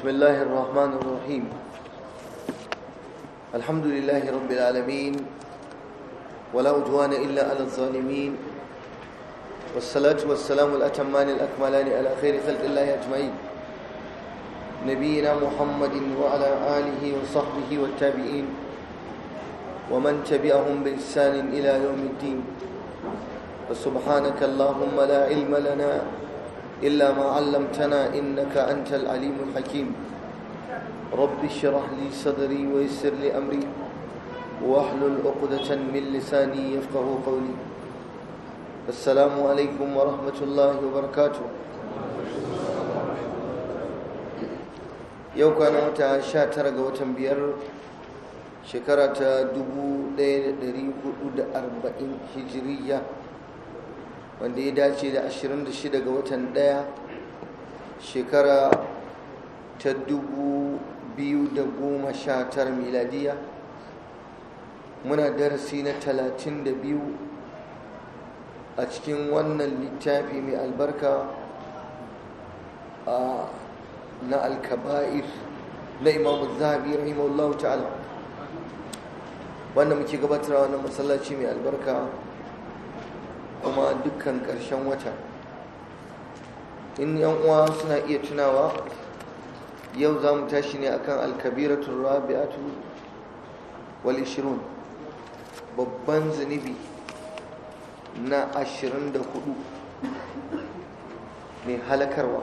بسم الله الرحمن الرحيم الحمد لله رب العالمين ولا عدوان إلا على الظالمين والصلاة والسلام الأتمان الأكملان على خير خلق الله أجمعين نبينا محمد وعلى آله وصحبه والتابعين ومن تبعهم بإحسان إلى يوم الدين وسبحانك اللهم لا علم لنا إلا ما علمتنا إنك أنت العليم الحكيم رب اشرح لي صدري ويسر لي أمري واحلل عقدة من لساني يفقه قولي السلام عليكم ورحمة الله وبركاته yau kwana wata sha tara ga watan biyar shekara ta 1440 hijiriya wanda ya dace da 26 ga watan 1 shekara ta 2019 miladiya muna darasi na 32 a cikin wannan littafi mai albarka na alkaba'ir na imamu zahabi rahimahullahu ta'ala wanda muke gabatarwa wannan masallaci mai albarka kuma dukkan ƙarshen wata in yan uwa suna iya tunawa yau za mu tashi ne akan alkabiratun rabi'atu wal ishirun babban zunubi na ashirin da hudu mai halakarwa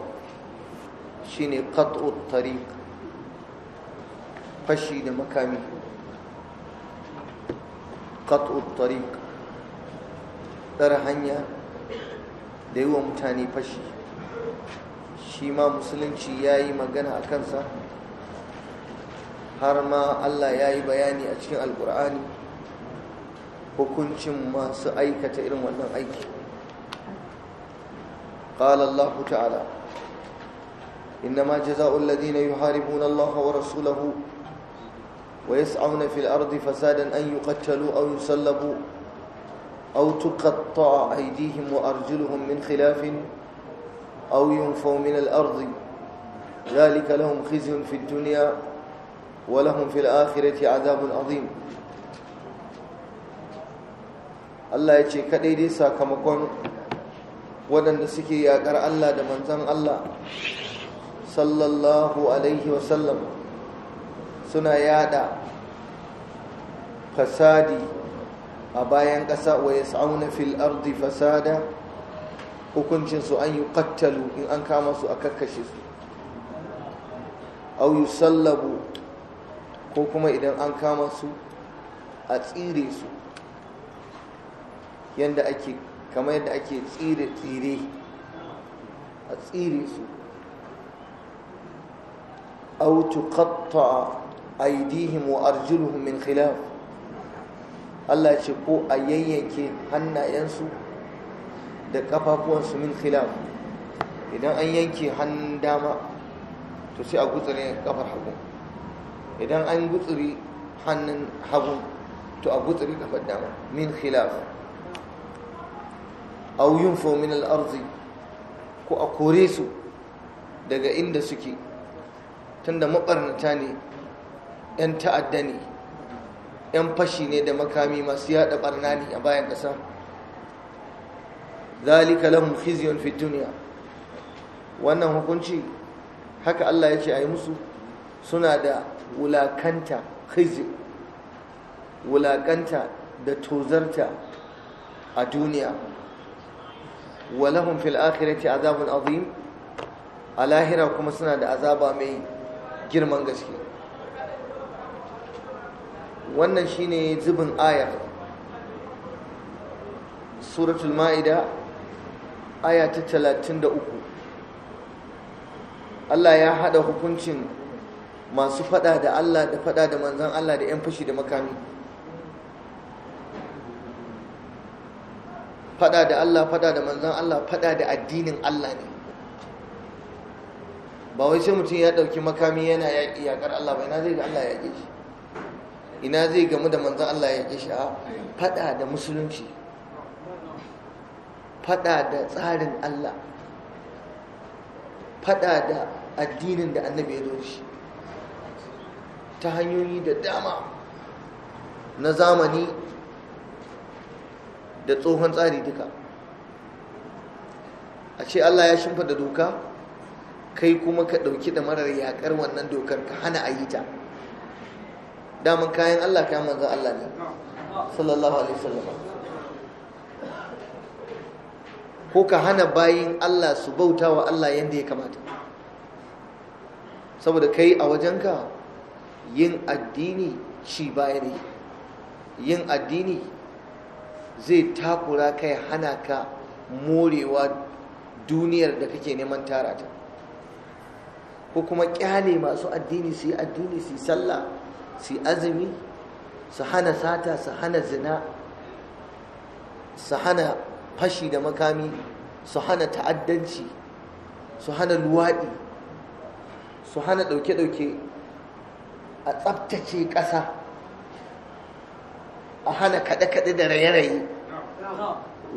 shine qat'u tariq fashi da makami qat'u tariq tsara hanya da yi wa mutane fashi shi ma musulunci ya yi magana a kansa har ma allah ya yi bayani a cikin alkur'ani hukuncin masu aikata irin wannan aiki قال الله تعالى إنما جزاء الذين يحاربون الله ورسوله ويسعون في الأرض فسادا أن يقتلوا أو يسلبوا أو تقطع أيديهم وأرجلهم من خلاف أو ينفوا من الأرض ذلك لهم خزي في الدنيا ولهم في الآخرة عذاب عظيم Allah ya ce kaɗai dai sakamakon waɗanda suke yaƙar Allah da manzan Allah sallallahu alaihi wasallam suna yada fasadi a bayan ƙasa wa yas'auna fil ardi fasada Hukuncinsu su an yuqattalu in an kama su a kakkashe su aw sallabu ko kuma idan an kama su a tsire su yanda ake kama yadda ake tsire tsire a tsire su aw tuqatta aydihim wa arjuluhum min khilaf Allah ce ko a yayyanke hannayensu da kafafuwansu min khilaf idan an yanke hannun dama to sai a gutsure kafar hagu idan an gutsuri hannun hagu to a gutsuri kafar dama min khilaf aw yunfu min al ard ko a kore su daga inda suke tunda mabarnata ne yan ta'adda ne 'yan fashi ne da makami masu yada barna ne a bayan ƙasa zalika lahum khizyun fi dunya wannan hukunci haka Allah ya ce a yi musu suna da wulakanta khizy wulakanta da tozarta a duniya walahum fil akhirati azabun azim a lahira kuma suna da azaba mai girman gaske wannan shine zubin ayar suratul ma'ida aya ta 33 Allah ya hada hukuncin masu fada da Allah da fada da manzon Allah da yan fashi da makami fada da Allah fada da manzon Allah fada da addinin Allah ne ba wai sai mutum ya dauki makami yana yaƙi yaƙar Allah bai na zai ga Allah yaƙe shi ina zai gamu da manzan Allah ya kisha fada da musulunci fada da tsarin Allah fada da addinin da annabi ya doshi ta hanyoyi da dama na zamani da tsohon tsari duka a ce Allah ya shimfa da doka kai kuma ka ɗauki da marar yaƙar wannan dokar ka hana a yi ta daman kayan Allah kayan manzan Allah ne sallallahu alaihi sallama. ko ka hana bayin Allah su bauta wa Allah yadda ya kamata saboda kai a wajenka yin addini ci baya ne yin addini zai takura kai hana ka morewa duniyar da kake neman tara ta ko kuma kyale masu addini su yi addini su yi sallah su azumi su hana sata su hana zina su hana fashi da makami su hana ta'addanci su hana luwaɗi su hana ɗauke-ɗauke a tsabtace ƙasa a hana kaɗe-kaɗe da raye-raye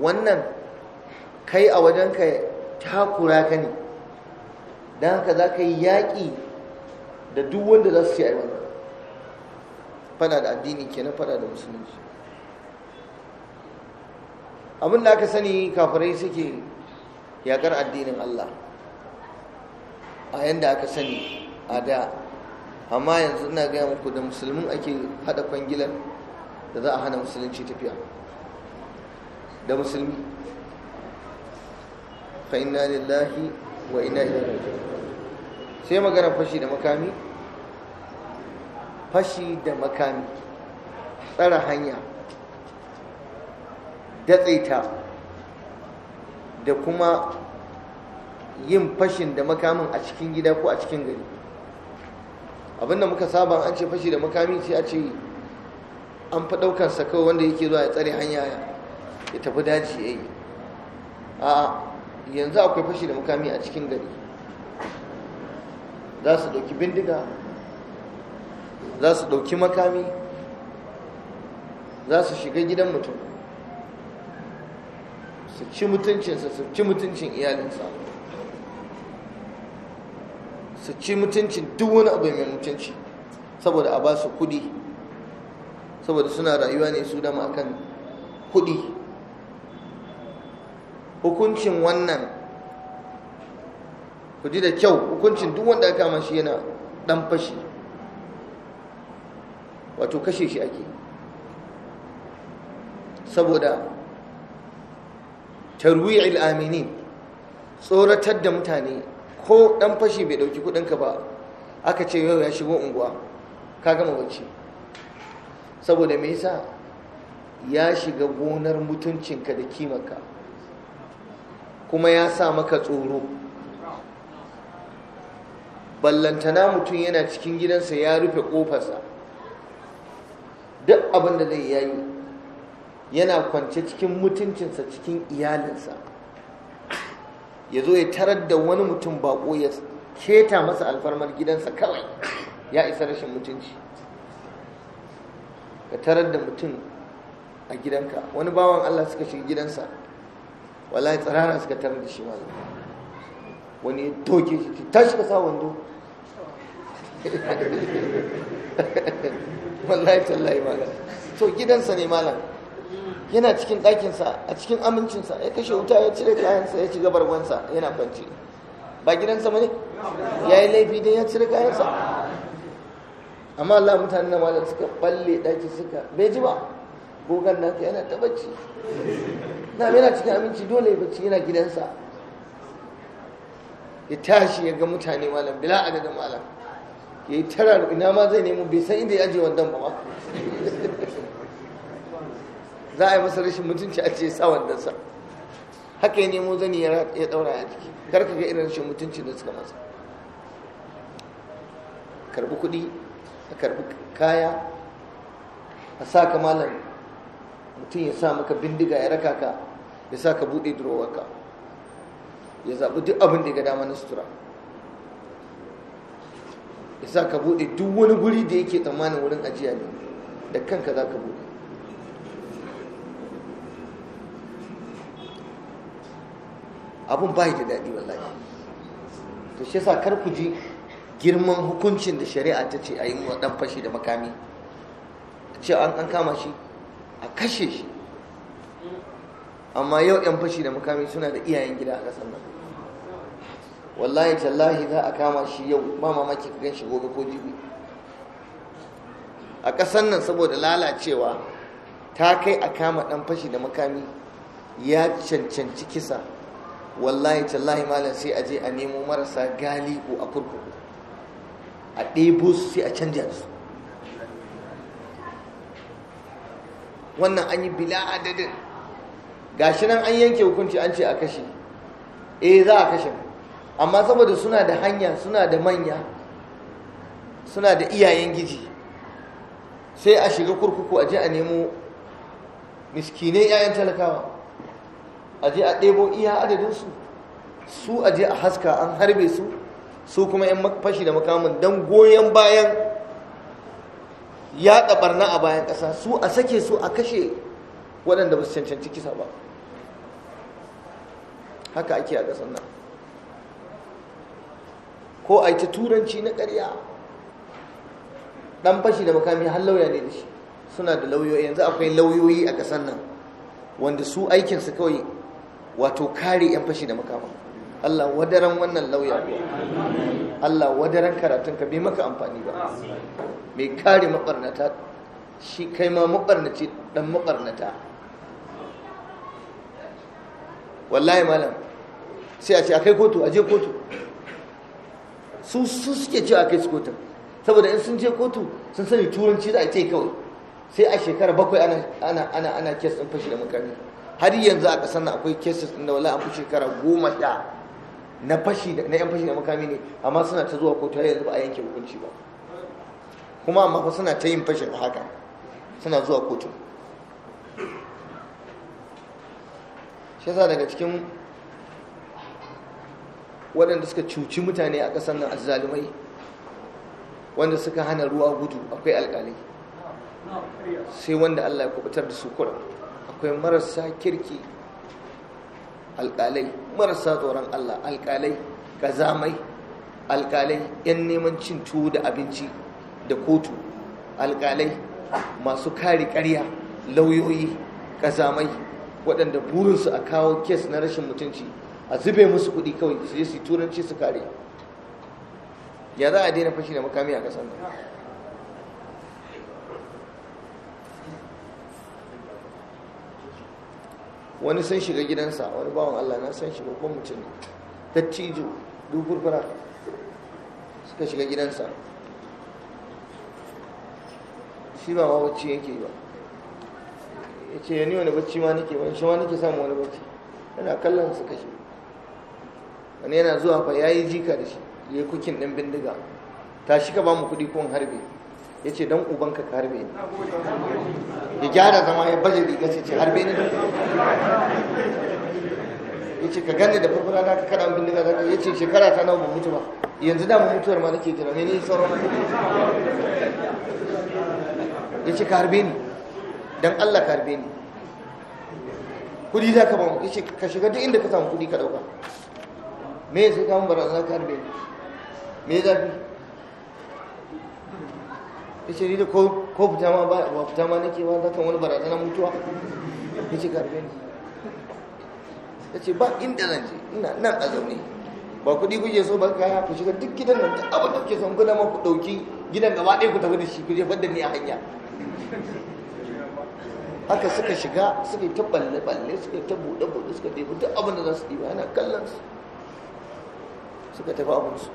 wannan kai a wajenka takura ka ne don haka za ka yi yaƙi da duk wanda za su ce a fada da addini kenan fada da musulunci abin da aka sani kafirai suke yakar addinin Allah a yanda aka sani a da amma yanzu ina gaya muku da musulmin ake hada kwangilar da za a hana musulunci tafiya da musulmi fa lillahi wa ina ilaihi sai magana fashi da makami fashi da makami tsara hanya datsaita da kuma yin fashin da makamin a cikin gida ko a cikin gari abinda muka saba an ce fashi da makami sai a ce an fi ɗaukansa kawai wanda yake zuwa ya tsare hanya ya tafi daji ya yi a yanzu akwai fashi da makami a cikin gari za su ɗauki bindiga za su ɗauki makami za su shiga gidan mutum su ci mutuncinsa su ci mutuncin iyalinsa su ci mutuncin duk wani abu mai mutunci saboda a ba su kudi saboda suna rayuwa ne su dama kan kudi hukuncin wannan ku ji da kyau hukuncin duk wanda aka mashi yana dan fashi wato kashe shi ake saboda tarwi'il aminin tsoratar da mutane ko dan fashi bai dauki kudinka ba aka ce yau ya shigo unguwa ka gama bacci saboda me yasa ya shiga gonar mutuncinka da kimarka kuma ya sa maka tsoro ballantana mutum yana cikin gidansa ya rufe kofarsa abin da zai yayi yana kwance cikin mutuncinsa cikin iyalinsa ya zo ya tarar da wani mutum bako ya keta masa alfarmar gidansa kawai ya isa rashin mutunci ka tarar da mutum a gidanka wani bawan Allah suka shiga gidansa wallahi tsirara suka tarar da shi malam wani ya toke shi tashi ka sa wando wallahi tallahi ma to gidansa ne malam yana cikin ɗakinsa a cikin amincinsa ya kashe wuta ya cire kayansa ya ci gabarwansa yana kwanci ba gidansa ba ne ya yi laifi don ya cire kayansa amma Allah mutane na malam suka balle ɗaki suka bai ji ba gogon ka yana ta bacci na yana cikin aminci dole bacci yana gidansa ya tashi ya ga mutane malam bila adadin malam ya yi tara ina ma zai nemo bai san inda ya ajiye wanda ba ma za a yi masa rashin mutunci a ce sa sa haka ya nemo zani ya daura ya jiki karka ga irin rashin mutunci da suka masa karbi kudi a karbi kaya a sa ka malam mutum ya sa maka bindiga ya raka ka ya sa ka buɗe durowarka ya zaɓi duk abin da ya ga dama na sutura ya sa ka buɗe duk wani guri da yake tsammanin wurin ajiya ne da kanka za ka bude abin bai da daɗi wallahi to shi yasa kar ku ji girman hukuncin da shari'a ta ce a yi wa ɗan fashi da makami ce an kama shi a kashe shi amma yau 'yan fashi da makami suna da iyayen gida a ƙasar nan wallahi tallahi za a kama shi yau ba mamaki ka gan shi gobe ko jibi a ƙasar nan saboda lalacewa ta kai a kama ɗan fashi da makami ya cancanci kisa wallahi tallahi malam sai a je a nemo marasa galibu a kurkuku a ɗebo su sai a canja su wannan an yi bila adadin gashi nan an yanke hukunci an ce a kashe eh za a kashe amma saboda suna da hanya suna da manya suna da iyayen giji sai a shiga kurkuku a je a nemo miskinai 'ya'yan talakawa a je a ɗebo iya adadinsu su a je a haska an harbe su su kuma 'yan fashi da makamin don goyon bayan ya ɗabarna a bayan ƙasa su a sake su a kashe waɗanda ba su cancanci kisa ba haka ake a ƙasar nan ko a yi ta turanci na ƙarya ɗan fashi da makami har lauya ne da shi suna da lauyoyi yanzu akwai lauyoyi a ƙasar nan wanda su aikinsu kawai wato kare 'yan fashi da makama Allah wadaran wannan lauya Allah wadaran ka bai maka amfani ba mai kare maɓarnata shi kai ma maɓarnaci ɗan maɓarnata wallahi malam sai a ce a kai kotu a je kotu su su suke cewa kai su kotun saboda in sun je kotu sun sani turanci za a ce kawai sai a shekara bakwai ana ana ana kes din fashi da mukami har yanzu a kasar nan akwai kes din da wallahi an fi shekara goma sha na fashi na yan fashi da mukami ne amma suna ta zuwa kotu har yanzu ba a yanke hukunci ba kuma amma fa suna ta yin fashi haka suna zuwa kotu shi yasa daga cikin waɗanda suka cuci mutane a ƙasar nan azzalumai wanda suka hana ruwa gudu akwai alƙalai sai wanda Allah ya kubutar da su kura akwai marasa kirki alƙalai marasa tsoron Allah alƙalai gazamai alƙalai 'yan neman cin tuwo da abinci da kotu alƙalai masu kare ƙarya lauyoyi ƙazamai waɗanda burinsu a kawo kes na rashin mutunci a zube musu kuɗi kawai su je su turanci su kare ya za a daina fashi da makami a ƙasar nan wani sun shiga gidansa wani bawan Allah na san shi babban mutum ne dattijo dubur fara suka shiga gidansa shi ba bacci yake ba ya ce ya ni wani bacci ma nake wani shi ma nake samun wani bacci yana kallon suka shiga wani yana zuwa fa ya yi jika da shi ya yi kukin ɗin bindiga ta shi ka ba mu kuɗi kun harbe ya ce don ubanka ka harbe ni ya gyara zama ya baje riga ce ce harbe ne ya ce ka gane da furfura na ka kada bindiga zaka ya ce shekara ta nawa ban mutu ba yanzu da mu mutuwar ma nake jira ne ni sauran ya ce ka harbe ni don Allah ka harbe ni kudi za ka ba mu ya ce ka shiga duk inda ka samu kudi ka dauka me sai kamun barazana ka harbe ni me zafi ya ce ni da ko fita ma ba fita ma nake ba zakan wani barazana mutuwa ya ce ka ne. ni ya ce ba inda zan je ina nan a zaune ba kuɗi kuke so ba kaya ku shiga duk gidan nan da abin da kuke son kuna ma ku ɗauki gidan gaba ɗaya ku tafi da shi ku je da ni a hanya haka suka shiga suka yi ta balle-balle suka yi ta buɗe-buɗe suka ɗebi duk abin da za su ɗiba yana kallon su suka tafi abinsu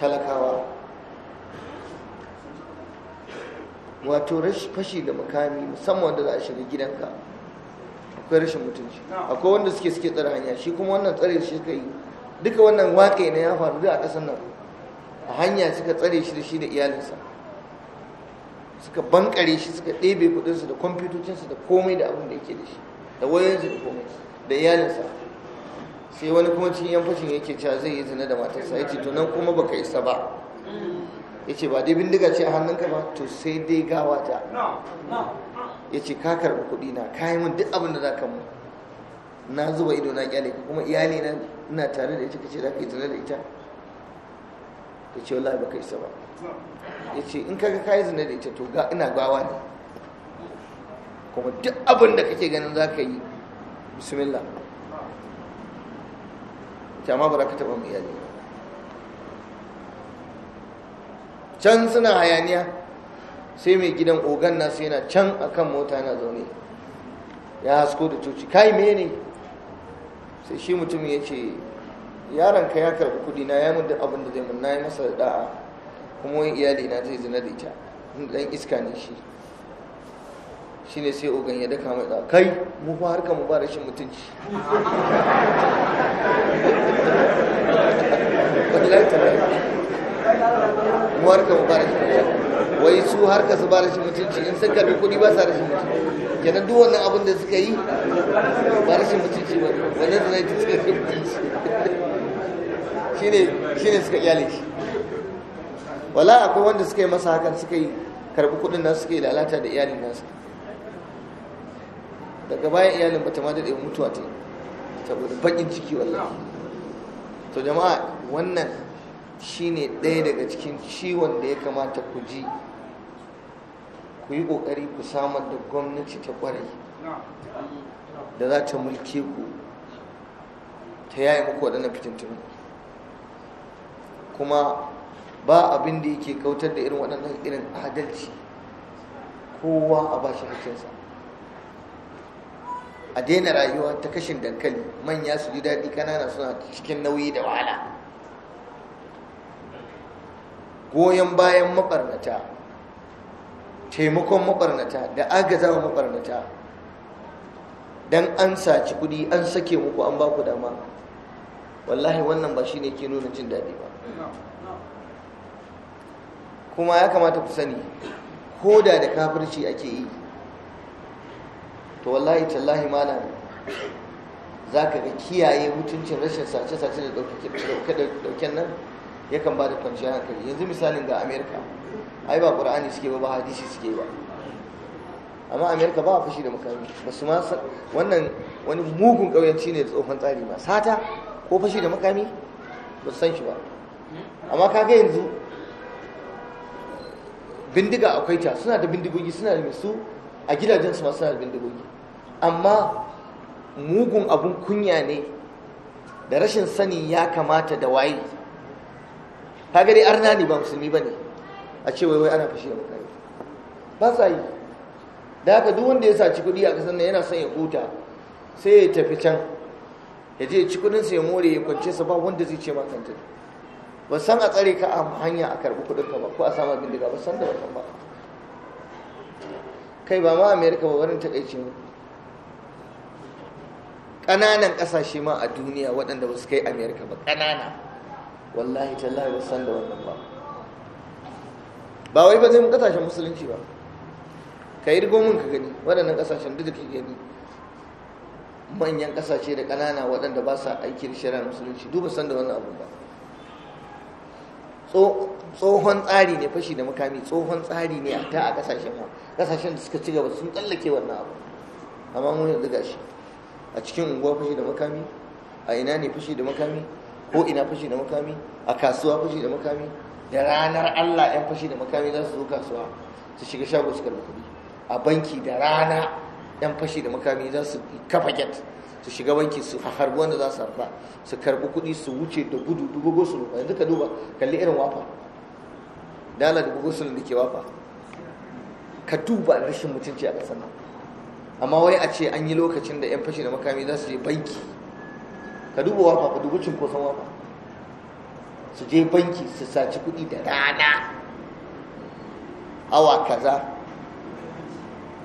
talakawa wato rashin fashi da makami musamman wanda za a shiga gidanka akwai rashin mutunci akwai wanda suke suke tsare hanya shi kuma wannan tsare shi suka yi duka wannan waƙe na ya faru da a ƙasar nan a hanya suka tsare shi da shi da iyalinsa suka bankare shi suka ɗebe kudinsu da kwamfutocinsu da komai da abin da yake da shi da wayoyinsu da komai da iyalinsa sai wani kuma cikin yan fashin yake cewa zai yi zina da matarsa ya ce to nan kuma baka isa ba ya ce ba dai bindiga ce a hannunka ba to sai dai gawa ta ya ce ka karɓi kuɗi na ka yi min duk abin da za ka mu na zuba ido na kyale ka kuma iyali na ina tare da ita ce za ka yi zina da ita Ka ce wallahi baka isa ba ya ce in kaga ka yi zina da ita to ga ina gawa ne kuma duk abin da kake ganin za ka yi bismillah ta ma ba za ka taɓa mu iyali can suna hayaniya sai mai gidan ogan nasu yana can akan mota na zaune ya hasko da coci kai mene sai shi mutum ya ce yaron ka ya karɓi kuɗi na ya mun abin da zai mun na yi masa da'a kuma wani iyali na zai zina da ita dan iska ne shi Shi ne sai ogan ya daka mai kai mu fa harka mu ba rashin mutunci mu harka mu ba rashin mutunci wai su harka su ba rashin mutunci in sun karbi kuɗi ba sa rashin mutunci kenan duk wannan abin da suka yi ba rashin mutunci ba wannan da zai suka rashin mutunci shi ne suka iyale shi wala akwai wanda suka yi masa hakan suka yi karbi kuɗin nan suka yi lalata da iyalin nasu daga bayan iyalin bata ma daɗe mutuwa ta saboda bakin ciki wallahi to jama'a wannan shine ɗaya daga cikin ciwon da ya kamata ku ji ku yi ƙoƙari ku samar da gwamnati ta ƙwarai da za ta mulke ku ta yaya muku waɗannan fitintunu kuma ba abin da yake kautar da irin waɗannan irin adalci kowa a bashi hakinsa a daina rayuwa ta kashin dankali manya su ji daɗi kanana suna cikin nauyi da wahala goyon bayan maɓarnata taimakon maɓarnata da wa maɓarnata don an saci kuɗi an sake muku an ba ku dama wallahi wannan ba shi ne ke nuna jin daɗi ba kuma ya kamata ku sani ko da da kafirci ake yi to wallahi tallahi malam za ka ga kiyaye mutuncin rashin sace-sace da dauken ɗauken nan kan ba da kwanciyar hankali yanzu misalin ga amerika ai ba ƙura'ani suke ba ba hadisi suke ba amma amerika ba a fashi da makami ba su ma wannan wani mugun ƙauyanci ne da tsohon tsari ba. sata ko fashi da makami ba su san shi ba amma kaga yanzu bindiga akwai ta suna da bindigogi suna da su a gidajen su masu suna da bindigogi amma mugun abun kunya ne da rashin sani ya kamata da waye kaga dai arna ne ba musulmi ba ne. a ce wai ana fashe da makare ba sa yi da haka duk wanda ya saci kuɗi a ƙasar nan yana son ya huta sai ya tafi can ya je ci kuɗin ya more ya kwance sa ba wanda zai ce ma ba san a tsare ka a hanya a karɓi kuɗin ka ba ko a samu abin da ba san da ba kai ba ma amerika ba barin takaici ne ƙananan ƙasashe ma a duniya waɗanda ba su kai amerika ba ƙanana wallahi tallahi ba san da wannan ba ba wai ba zai mu ƙasashen musulunci ba ka yi rigomin ka gani waɗannan kasashen duk da ke gani manyan ƙasashe da ƙanana waɗanda ba sa aiki da shari'ar musulunci ba san da wannan abun ba tsohon tsari ne fashi da makami tsohon tsari ne a ta a ƙasashen da suka ci gaba sun tsallake wannan abu amma mun yanzu gashi shi a cikin unguwa fashi da makami a ina ne fashi da makami ko ina fashi da makami a kasuwa fashi da makami da ranar Allah yan fashi da makami za su zo kasuwa su shiga shago su karɓi kuɗi a banki da rana yan fashi da makami za su kafa get su shiga banki su harbi wanda za su harba su karɓi kuɗi su wuce da gudu dubu gosu rufa yanzu ka duba kalli irin wafa dala dubu gosu da ke wafa ka duba rashin mutunci a ƙasar nan amma wai a ce an yi lokacin da 'yan fashi da makami za su je banki ka duba wafa ka dubi cinkoson wafa su je banki su saci kuɗi da rana awa kaza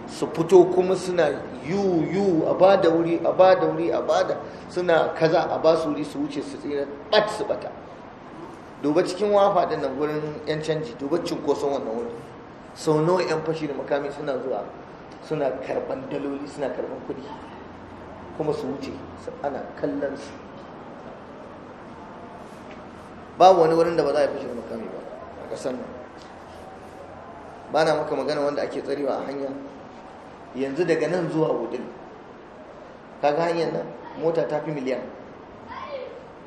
su fito kuma suna yu yu a ba da wuri a ba da wuri a ba da suna kaza a ba su wuri su wuce su tsira bat su bata duba cikin wafa da nan gurin yan canji duba cinkoson wannan wuri sau nawa yan fashi da makami suna zuwa suna karban daloli suna karban kudi kuma su wuce ana kallon su Ba wani wurin da ba za a yi fushin makami ba a ƙasar nan ba na maka magana wanda ake tsarewa a hanya yanzu daga nan zuwa wudin kaga hanyar nan mota ta fi miliyan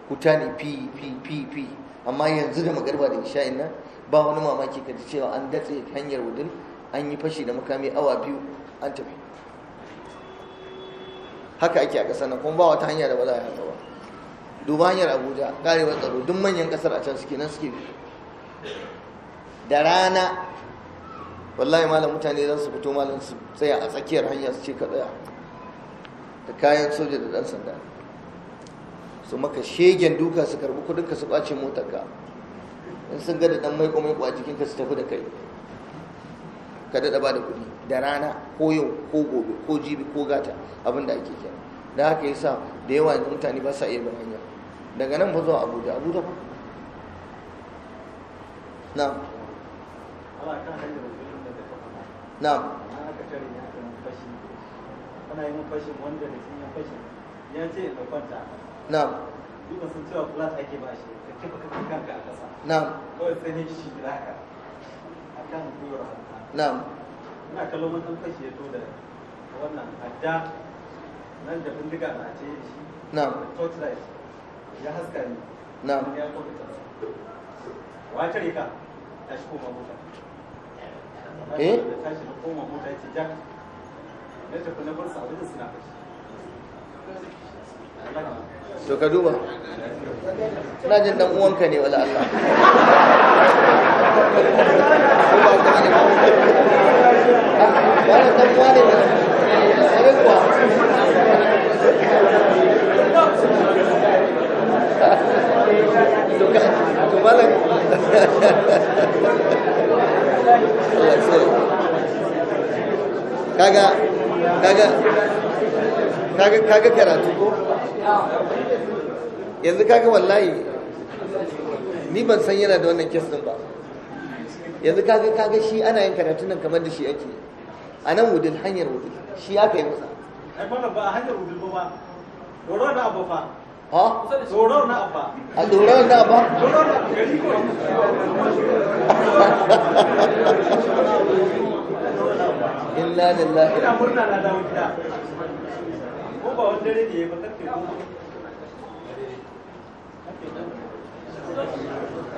kuta ne fi fi fi fi amma yanzu da magarba da isha'in nan ba wani mamaki ka ji cewa an datse hanyar wudin an yi fashi da makami awa biyu an tafi haka ake a ƙasar nan kuma ba wata hanya da ba za a yi haka duba hanyar abuja ƙarewar tsaro duk manyan ƙasar a can suke nan suke da rana wallahi malam mutane za su fito malam su tsaya a tsakiyar hanya su ce ka tsaya da kayan soja da ɗan sanda su maka shegen duka su karbi kudin ka su kwace motar ka in sun ga da dan maiko maiko a jikin ka su tafi da kai ka daɗa ba da kuɗi da rana ko yau ko gobe ko jibi ko gata abin da ake kenan da haka yasa da yawa yanzu mutane ba sa iya bin hanya daga nan ba zuwa abuja abuja ba na na Na. na na na'am ina kallon wannan fashi ya to da wannan adda nan da bindiga na ce shi na'am torchlight ya haska ni na'am ya to da wa tare ka ta shi koma mota eh ta shi na koma mota ya ce jack na tafi na bar sa abin suna fashi to ka duba ina jin dan uwanka ne wala Allah kaga yanzu kaga wallahi ni ban san yana da wannan kes din ba yanzu kaga kaga shi ana yin karatun nan kamar da shi ake a nan wudil hanyar wudil shi aka yi masa ai ba ba hanyar wudil ba ba doron na abba fa ha doron na abba a doron na abba doron na gari ko illa lillahi ina murna na dawo gida ko ba wanda ne da ya ba kake ko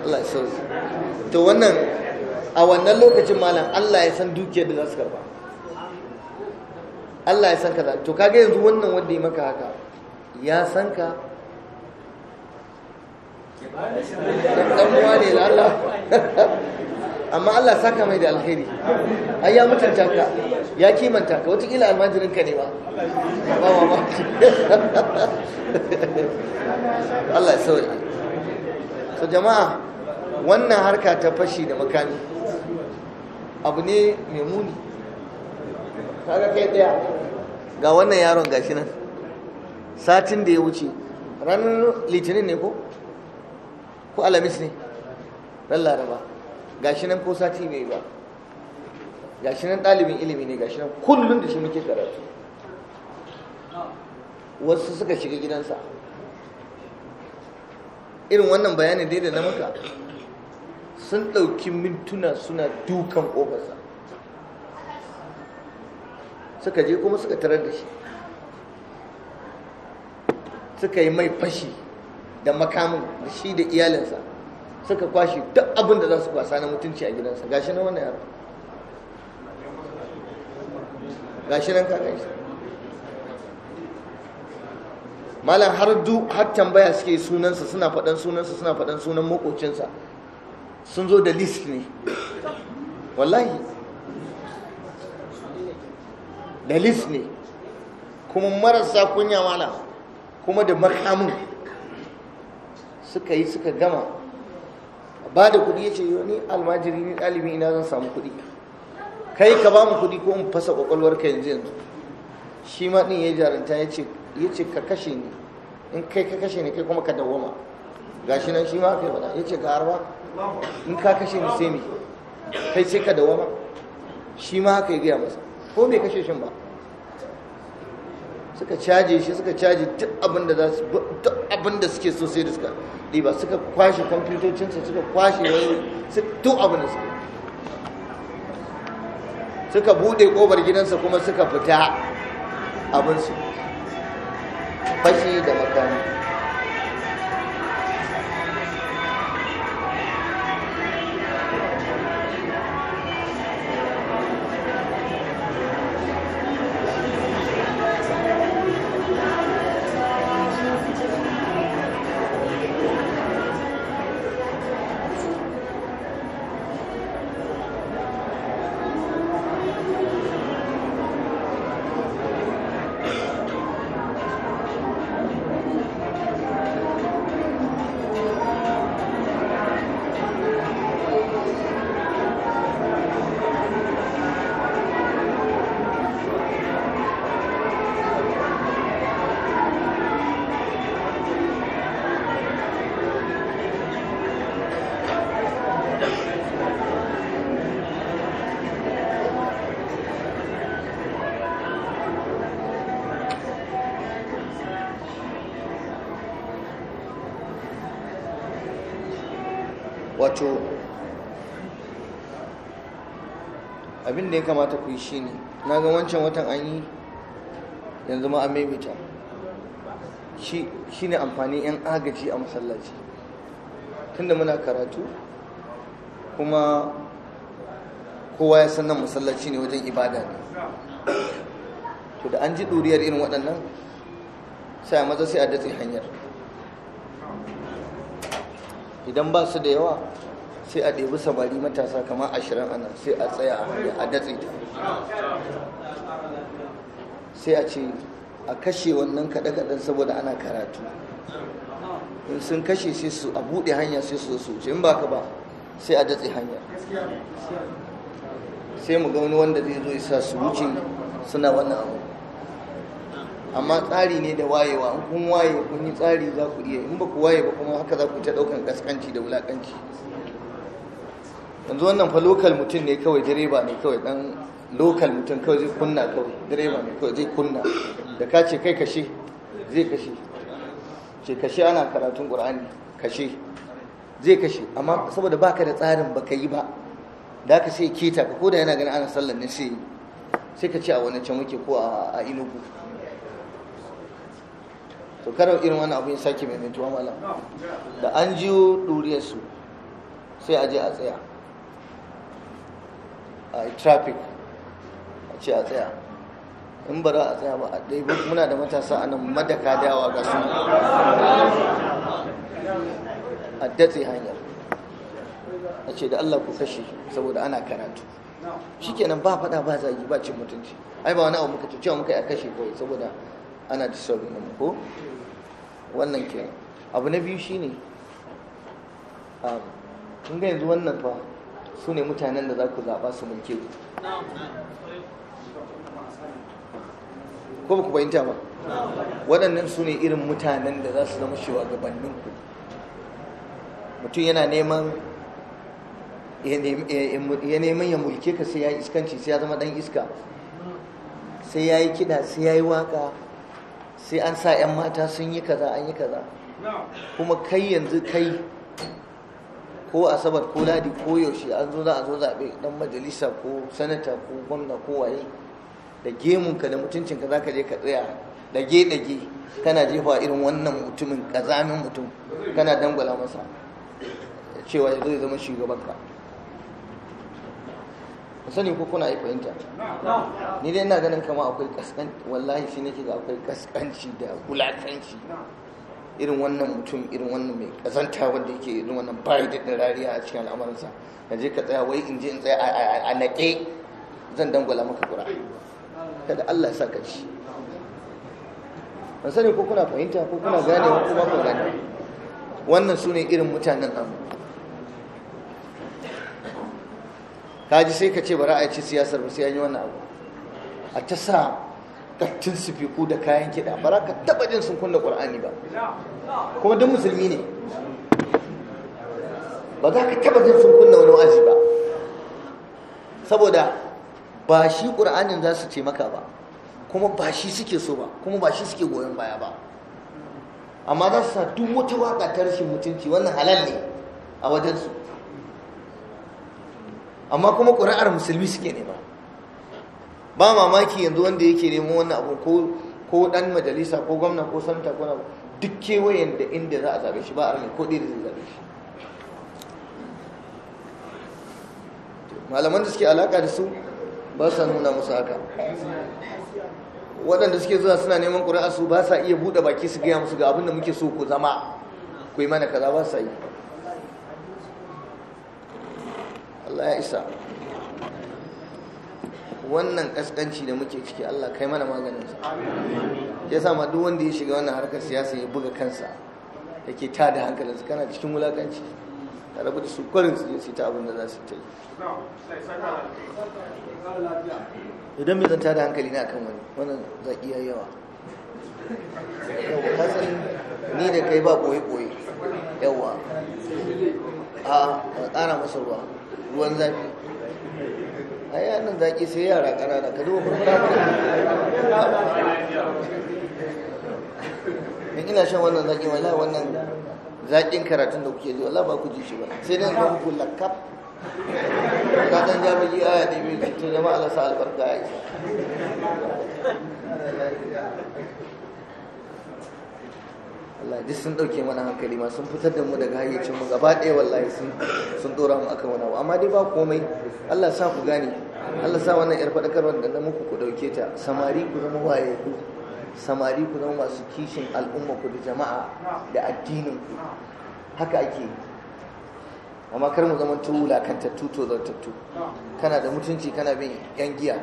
Allah ya sauke to wannan a wannan lokacin malam Allah ya san dukiyar da za su karba Allah ya san ka to kaga yanzu wannan wanda ya maka haka ya san ka ɗan'uwa ne da Allah amma Allah saka mai da alheri ai ya mutunta ka ya kimanta ka watakila almajirin ka ne ba ba ba Allah ya sauri so jama'a wannan harka ta fashi da makami abu ne mai muni kaga kai daya ga wannan yaron gashi nan satin da ya wuce ranar litinin ne ko ko alamis ne ran laraba gashi nan ko sati mai ba gashi nan ɗalibin ilimi ne gashi nan kullum da shi muke karatu wasu suka shiga gidansa irin wannan bayanin daidai na maka sun ɗauki mintuna suna dukan ƙofarsa suka je kuma suka tarar da shi suka yi mai fashi da makamin da shi da iyalinsa suka kwashe duk abin da za su kwasa na mutunci a gidansa gashi na wannan yaro gashi nan ka gashi malam har har tambaya suke sunansa suna faɗan sunansa suna faɗan sunan makocinsa sun zo da list ne wallahi da list ne kuma marasa kunya mana kuma da makamun suka yi suka gama ba da kudi ya ce ni almajiri ni dalibi ina zan samu kudi kai ka ba mu kudi ko in fasa kwakwalwar ka yanzu yanzu shi ma ɗin ya jaranta ya ce ka kashe ni in kai ka kashe ne kai kuma ka dawoma gashi nan shi ma kai ya ce ka harba in ka kashe ni sai me kai sai ka wama, shi ma haka ya gaya masa ko bai kashe shi ba suka caje shi suka caje duk abin da za su duk abin da suke so sai da suka ɗiba suka kwashe kwamfutocinsa suka kwashe wani duk abin da suka suka buɗe kobar gidansa kuma suka fita abinsu fashi da makami da ya kamata ku yi shi ne na ga wancan watan an yi yanzu ma a maimita shi ne amfani 'yan agaji a masallaci tunda muna karatu kuma kowa ya san nan masallaci ne wajen ibada ne to da an ji ɗuriyar irin waɗannan sai a maza sai a datse hanyar idan ba su da yawa sai a ɗebi samari matasa kamar ashirin ana sai a tsaya a datse ta sai a ce a kashe wannan kaɗe-kaɗen saboda ana karatu in sun kashe sai su a buɗe hanya sai su su in ba ka ba sai a datse hanya sai mu ga wani wanda zai zo isa su wuce suna wannan abu amma tsari ne da wayewa in kun waye kun yi tsari za ku iya in ba ku waye ba kuma haka za ku ta ɗaukan kaskanci da wulaƙanci yanzu wannan fa lokal mutum ne kawai direba ne kawai dan lokal mutum kawai zai kunna kawai direba ne kawai zai kunna da ka ce kai kashe zai kashe ce kashe ana karatun qur'ani kashe zai kashe amma saboda baka da tsarin baka yi ba da ka sai keta ka ko da yana ganin ana sallar ne sai sai ka ce a wani can muke ko a inugu to karar irin wani abu ya sake mai mintuwa malam da an jiyo ɗuriyarsu sai a je a tsaya a traffic a ce a tsaya in ba za a tsaya ba a ɗaibu muna da matasa a nan madaka dawa ga su a datse hanyar a ce da Allah ku kashe saboda ana karatu kenan ba faɗa ba zagi ba cin mutunci ai ba wani abu muka cewa muka yi a kashe kawai saboda ana disturbing mu ko wannan kenan abu na biyu shine a um, ga yanzu wannan fa su ne mutanen da za ku zaɓa su mulke ku ko ku fahimta ba waɗannan su ne irin mutanen da za su zama shugabannin gabaninku? mutum yana neman ya neman ya mulke ka sai ya yi iskanci sai ya zama ɗan iska sai ya yi kiɗa sai ya yi waƙa sai an sa 'yan mata sun yi kaza an yi kaza kuma kai yanzu kai ko asabar ko ladi ko yaushe an zo za a zo zaɓe ɗan majalisa ko sanata ko gwamna ko waye da gemunka da mutuncinka za ka je ka tsaya dage-dage kana jefa irin wannan mutumin ƙazamin mutum kana dangwala masa cewa ya zo ya zama ka sani ko kuna yi fahimta ni dai ina ganin kama akwai kaskanci wallahi shi nake ga akwai kaskanci da wulakanci irin wannan mutum irin wannan mai kazanta wanda yake irin wannan bayi da rariya a cikin al'amuransa. na je ka tsaya wai in je in tsaya a naƙe zan dangwala maka kura kada Allah ya sa ka shi ban sani ko kuna fahimta ko kuna gane ko kuma ko gane wannan su ne irin mutanen Ka ji sai ka ce bara a ci siyasar ba sai an yi wannan abu a ta sa gatattun sufiku da kayan kiɗa ba za ka taɓa jin sun kunna ƙur'ani ba kuma duk musulmi ne ba za ka taɓa jin sun kunna wani wa'azi ba saboda ba shi ƙur'anin za su ce maka ba kuma ba shi suke so ba kuma ba shi suke goyon baya ba amma za su sa duk wata waƙa ta rashin mutunci wannan halal ne a wajensu amma kuma ƙuri'ar musulmi suke nema ba mamaki yanzu wanda yake nemo wannan abu ko dan majalisa ko gwamna ko santa ko na duk kewayen da inda za a zabe shi ba a rami ko da zai zabe shi malaman da suke alaka da su ba sa nuna musu haka waɗanda suke zuwa suna neman ƙuri'a su ba sa iya buɗe baki su gaya musu ga abin da muke so ku zama ku yi mana kaza ba sa yi Allah ya isa wannan kaskanci da muke ciki Allah kai mana maganin sa ya sa ma duk wanda ya shiga wannan harkar siyasa ya buga kansa yake ta da su kana cikin wulakanci ka rabu da su kwarin su je ta abin da za su ta yi idan mai zanta da hankali na kan wani wannan za iya yawa yawa kasan ni da kai ba koyi koyi yawa a ƙara masa ruwa ruwan zafi Aya yanan zaki sai yara ƙanana ka duba kurkura ba in ina shan wannan zaki wala wannan zakin karatun da kuke ji wala ba ku ji shi ba sai nan ga ku lakab ka dan ja miji aya da biyu to jama'a Allah sa albarka ya isa Allah duk sun dauke mana hankali ma sun fitar da mu daga hayyacin mu gaba ɗaya wallahi sun sun dora mu akan wani abu amma dai ba komai Allah sa ku gane Allah sa wannan yar faɗakarwar da na muku ku ɗauke ta samari ku zama waye ku samari ku zama masu kishin al'umma ku da jama'a da addinin ku haka ake amma kar mu zama tuwula kan tattu to tattu. kana da mutunci kana bin yan giya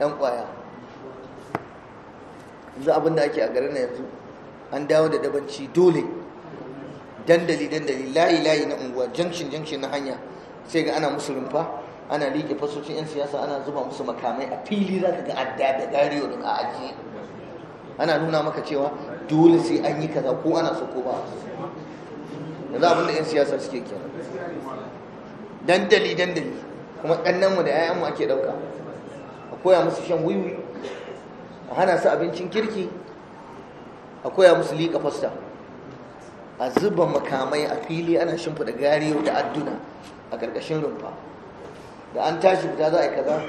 yan kwaya yanzu abin da ake a garin na yanzu an dawo da dabanci dole dandali dandali layi layi na unguwa junction junction na hanya sai ga ana musulun fa ana rike fasocin 'yan siyasa ana zuba musu makamai a fili za ka ga adda da gariyo da a aji. ana nuna maka cewa dole sai an yi kaza ko ana so ko ba za a da 'yan siyasa suke kira dandali dandali kuma ɗannanmu da 'ya'yanmu ake ɗauka a koya musu shan wiwi a hana su abincin kirki a koya musu liƙa fasta a zuba makamai a fili ana shimfiɗa gariyo da adduna a ƙarƙashin rumfa da an tashi fita za a yi kaza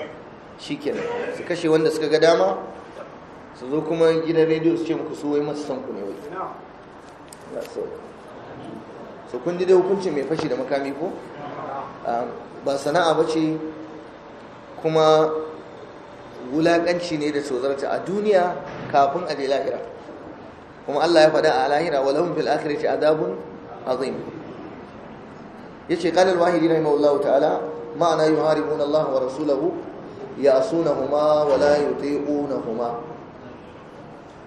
shikenan su kashe wanda suka ga dama su zo kuma gidan rediyo su ce muku su wai masu son ku ne wai su kun ji da hukuncin mai fashi da makami ko um, ba sana'a ba ce kuma wulaƙanci ne da tozarta a duniya kafin a je lahira kuma Allah ya faɗa a lahira wa lahum fil akhirati adabun azim yace qala al-wahidi rahimahullahu ta'ala ma'ana yuharibuna Allah wa rasulahu ya'sunahuma wa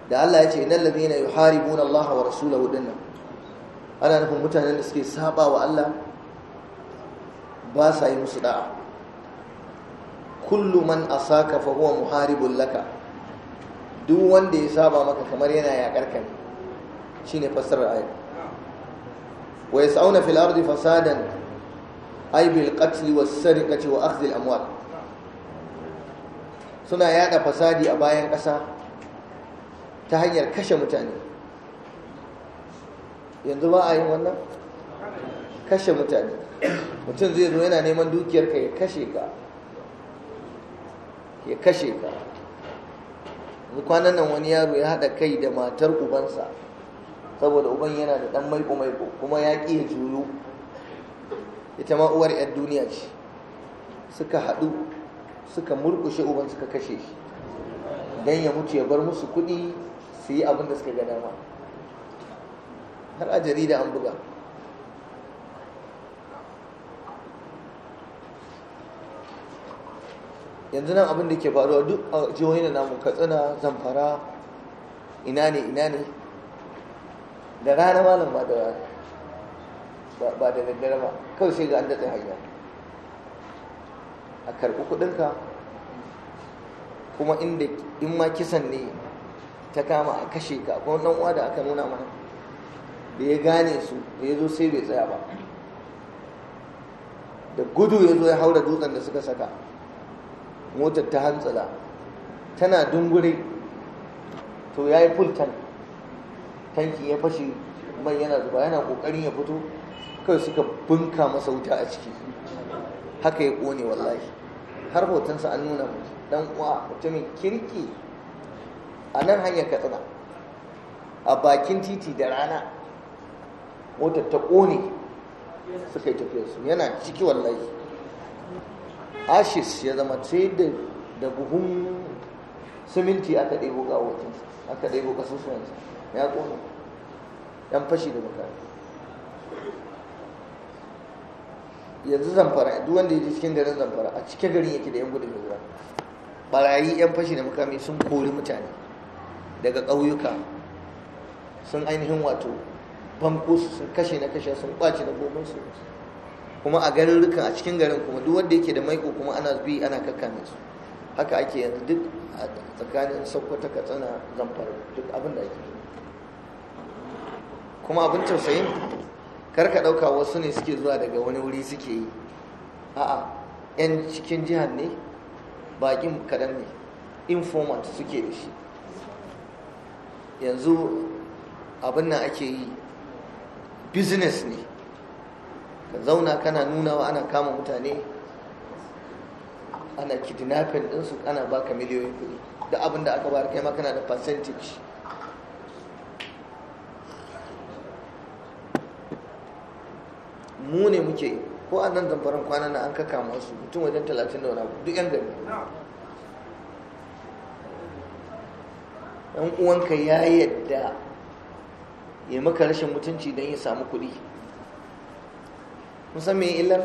da Allah ya ce innal ladina yuharibuna Allah wa rasulahu dinnan ana nufin mutanen da suke saba wa Allah ba sa yi musu da'a kullu man asaka fa huwa muharibun laka duk wanda ya saba maka kamar yana yakar ka shine fassarar ayat wa yas'una fil ardi fasadan ai bil wa Sarin sariqati wa akhdh amwal suna yada fasadi a bayan ƙasa ta hanyar kashe mutane yanzu ba a yin wannan kashe mutane mutum zai zo yana neman dukiyar ka ya kashe ka ya kashe ka kwanan nan wani yaro ya haɗa kai da matar ubansa saboda uban yana da ɗan maiko maiko kuma ya ƙi ya juyo ita ma uwar 'yar duniya ce suka haɗu suka murkushe uban suka kashe shi don ya mutu ya bar musu kuɗi su yi abin da suka ga ma har a jarida an buga yanzu nan abin da ke faruwa duk a jihohin da namu katsina zamfara ina ne ina ne da rana malam ba da rana ba da daddare ba kawai sai ga an datsa hanya a karɓi kuɗinka kuma inda in ma kisan ne ta kama a kashe ka akwai wani uwa da aka nuna mana da ya gane su da ya zo sai bai tsaya ba da gudu ya zo ya haura dutsen da suka saka motar ta hantsala tana dungure to ya yi full tanki ya fashe mai yana zuba yana kokarin ya fito kawai suka bunka masa wuta a ciki haka ya ƙone wallahi har hotonsa an nuna dan uwa mutumin kirki a nan hanyar katsina a bakin titi da rana motar ta ƙone suka yi tafiyarsu yana ciki wallahi ashis ya zama sai da buhun siminti aka a hotonsa aka ɗebo ƙasusuwansa ya ƙone yan fashi da makarai yanzu zamfara duk wanda ya cikin garin zamfara a cikin garin yake da yan gudun hijira barayi yan fashi da mukami sun kori mutane daga ƙauyuka sun ainihin wato banko su sun kashe na kashe sun kwace na gomin su kuma a garin garurrukan a cikin garin kuma duk wanda yake da maiko kuma ana bi ana kakkame su haka ake yanzu duk a tsakanin sokoto katsina zamfara duk abin da ake kuma abin tausayin kar ka ɗauka wasu ne suke zuwa daga wani wuri suke yi a'a 'yan cikin jihar ne baƙin kaɗan ne informant suke da shi yanzu abin nan ake yi business ne ka zauna kana wa ana kama mutane ana kidnapping ɗinsu ana baka miliyoyin kuɗi da abin da aka bayar kai ma kana da percentage mu ne muke ko a nan zamfaran kwana na an kaka masu mutum wajen talatin da wani duk yan gari ɗan uwanka ya yadda ya maka rashin mutunci don ya samu kuɗi musamman illar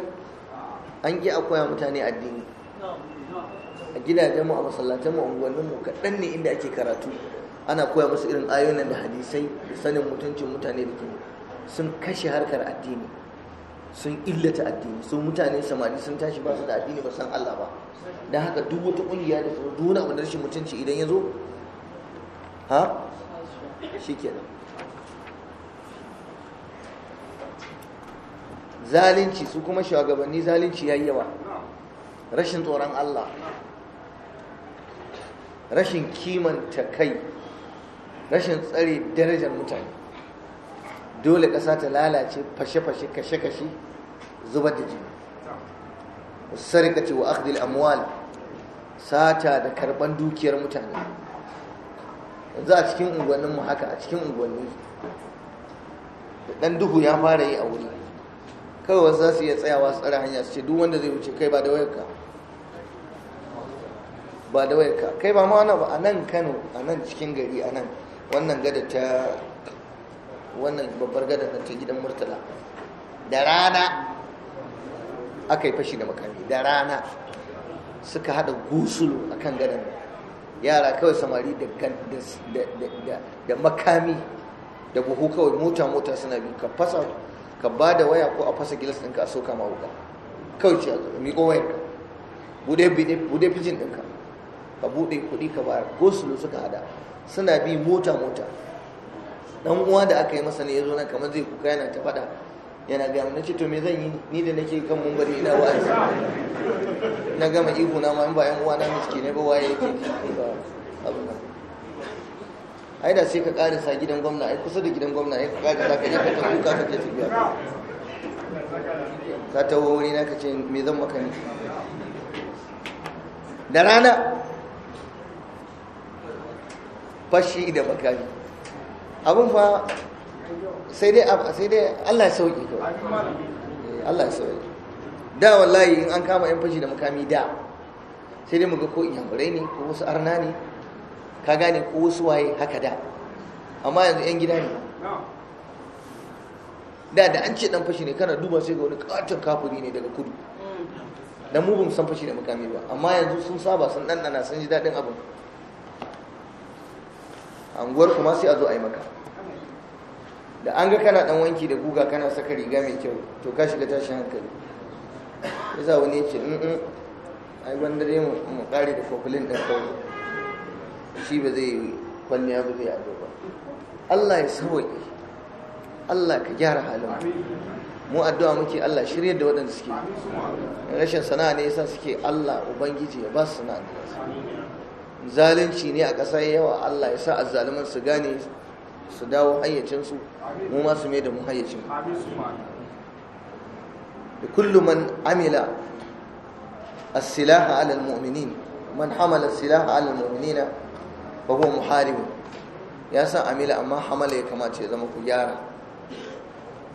an ƙi a koya mutane addini a gidajenmu a masallatanmu a unguwanninmu kaɗan ne inda ake karatu ana koya musu irin ayoyin da hadisai da sanin mutuncin mutane da sun kashe harkar addini sun illata addini sun mutane samari sun tashi ba su da addini ba san Allah ba don haka duk wata ƙungiya da su duna wani rashin mutunci idan ya zo ha shi kenan zalunci su kuma shugabanni zalunci ya yi yawa rashin tsoron Allah rashin kimanta kai rashin tsare darajar mutane dole ƙasa ta lalace fashe-fashe kashe-kashe zubar da jini sarkace wa akhdil amwal sata da karban dukiyar mutane yanzu a cikin unguwannin mu haka a cikin unguwanni da dan duhu ya fara yi a wuri kawai wasu za su iya tsayawa su tsara hanya su ce duk wanda zai wuce kai ba da wayarka ba da wayarka kai ba ma wani ba a nan kano a nan cikin gari a nan wannan gada ta wannan babbar gada ta gidan murtala da rana aka yi fashi da makami da rana suka hada gusulu a kan gadon yara kawai samari da makami da buhu kawai mota-mota suna bi ka fasa ka ba da waya ko a fasa gilas ɗinka a soka ma kawai ce miƙo wayar ka bude fijin ɗinka ka bude kuɗi ka ba gosulu suka hada suna bi mota-mota Ɗan uwa da aka yi masa ne ya zo nan kamar zai kuka yana ta faɗa yana gaya na ce to me zan yi ni da nake kan mumbari ina wa'azi na gama ihu na ma in ba yan uwa na miski ne ba waye yake abu na ai da sai ka karisa gidan gwamna ai kusa da gidan gwamna ai ka karisa ka je ka ta kuka ka je tafiya ka ta wuri na ka ce me zan maka ne da rana fashi da makami abin fa sai dai Allah ya sauƙi ko Allah ya sauƙi da wallahi in an kama yan fashi da makami da sai dai mu ga ko inyamurai ne ko wasu arna ne ka gane ko wasu waye haka da amma yanzu yan gida ne da da an ce dan fashi ne kana duba sai ga wani katon kafuri ne daga kudu dan mu bamu san fashi da makami ba amma yanzu sun saba sun dandana sun ji dadin abin anguwar kuma sai a zo a yi maka da an ga kana dan wanki da guga kana saka riga mai kyau to ka shiga tashin hankali za wani ce in ai wanda dai mu kare da kokulin dan kawai shi ba zai kwalliya ba zai ado ba Allah ya sauke Allah ka gyara halin mu addu'a muke Allah shirye da waɗanda suke rashin sana'a ne yasa suke Allah ubangiji ya ba su sana'a zalunci ne a ƙasa yawa Allah ya sa azzaluman su gane su dawo hayyacinsu mu ma su mai da mu hayyacin da kullum man amila asilaha silaha ala al man hamala asilaha silaha ala al-mu'minina fa huwa muharib ya san amila amma hamala ya kamace ya zama ku gyara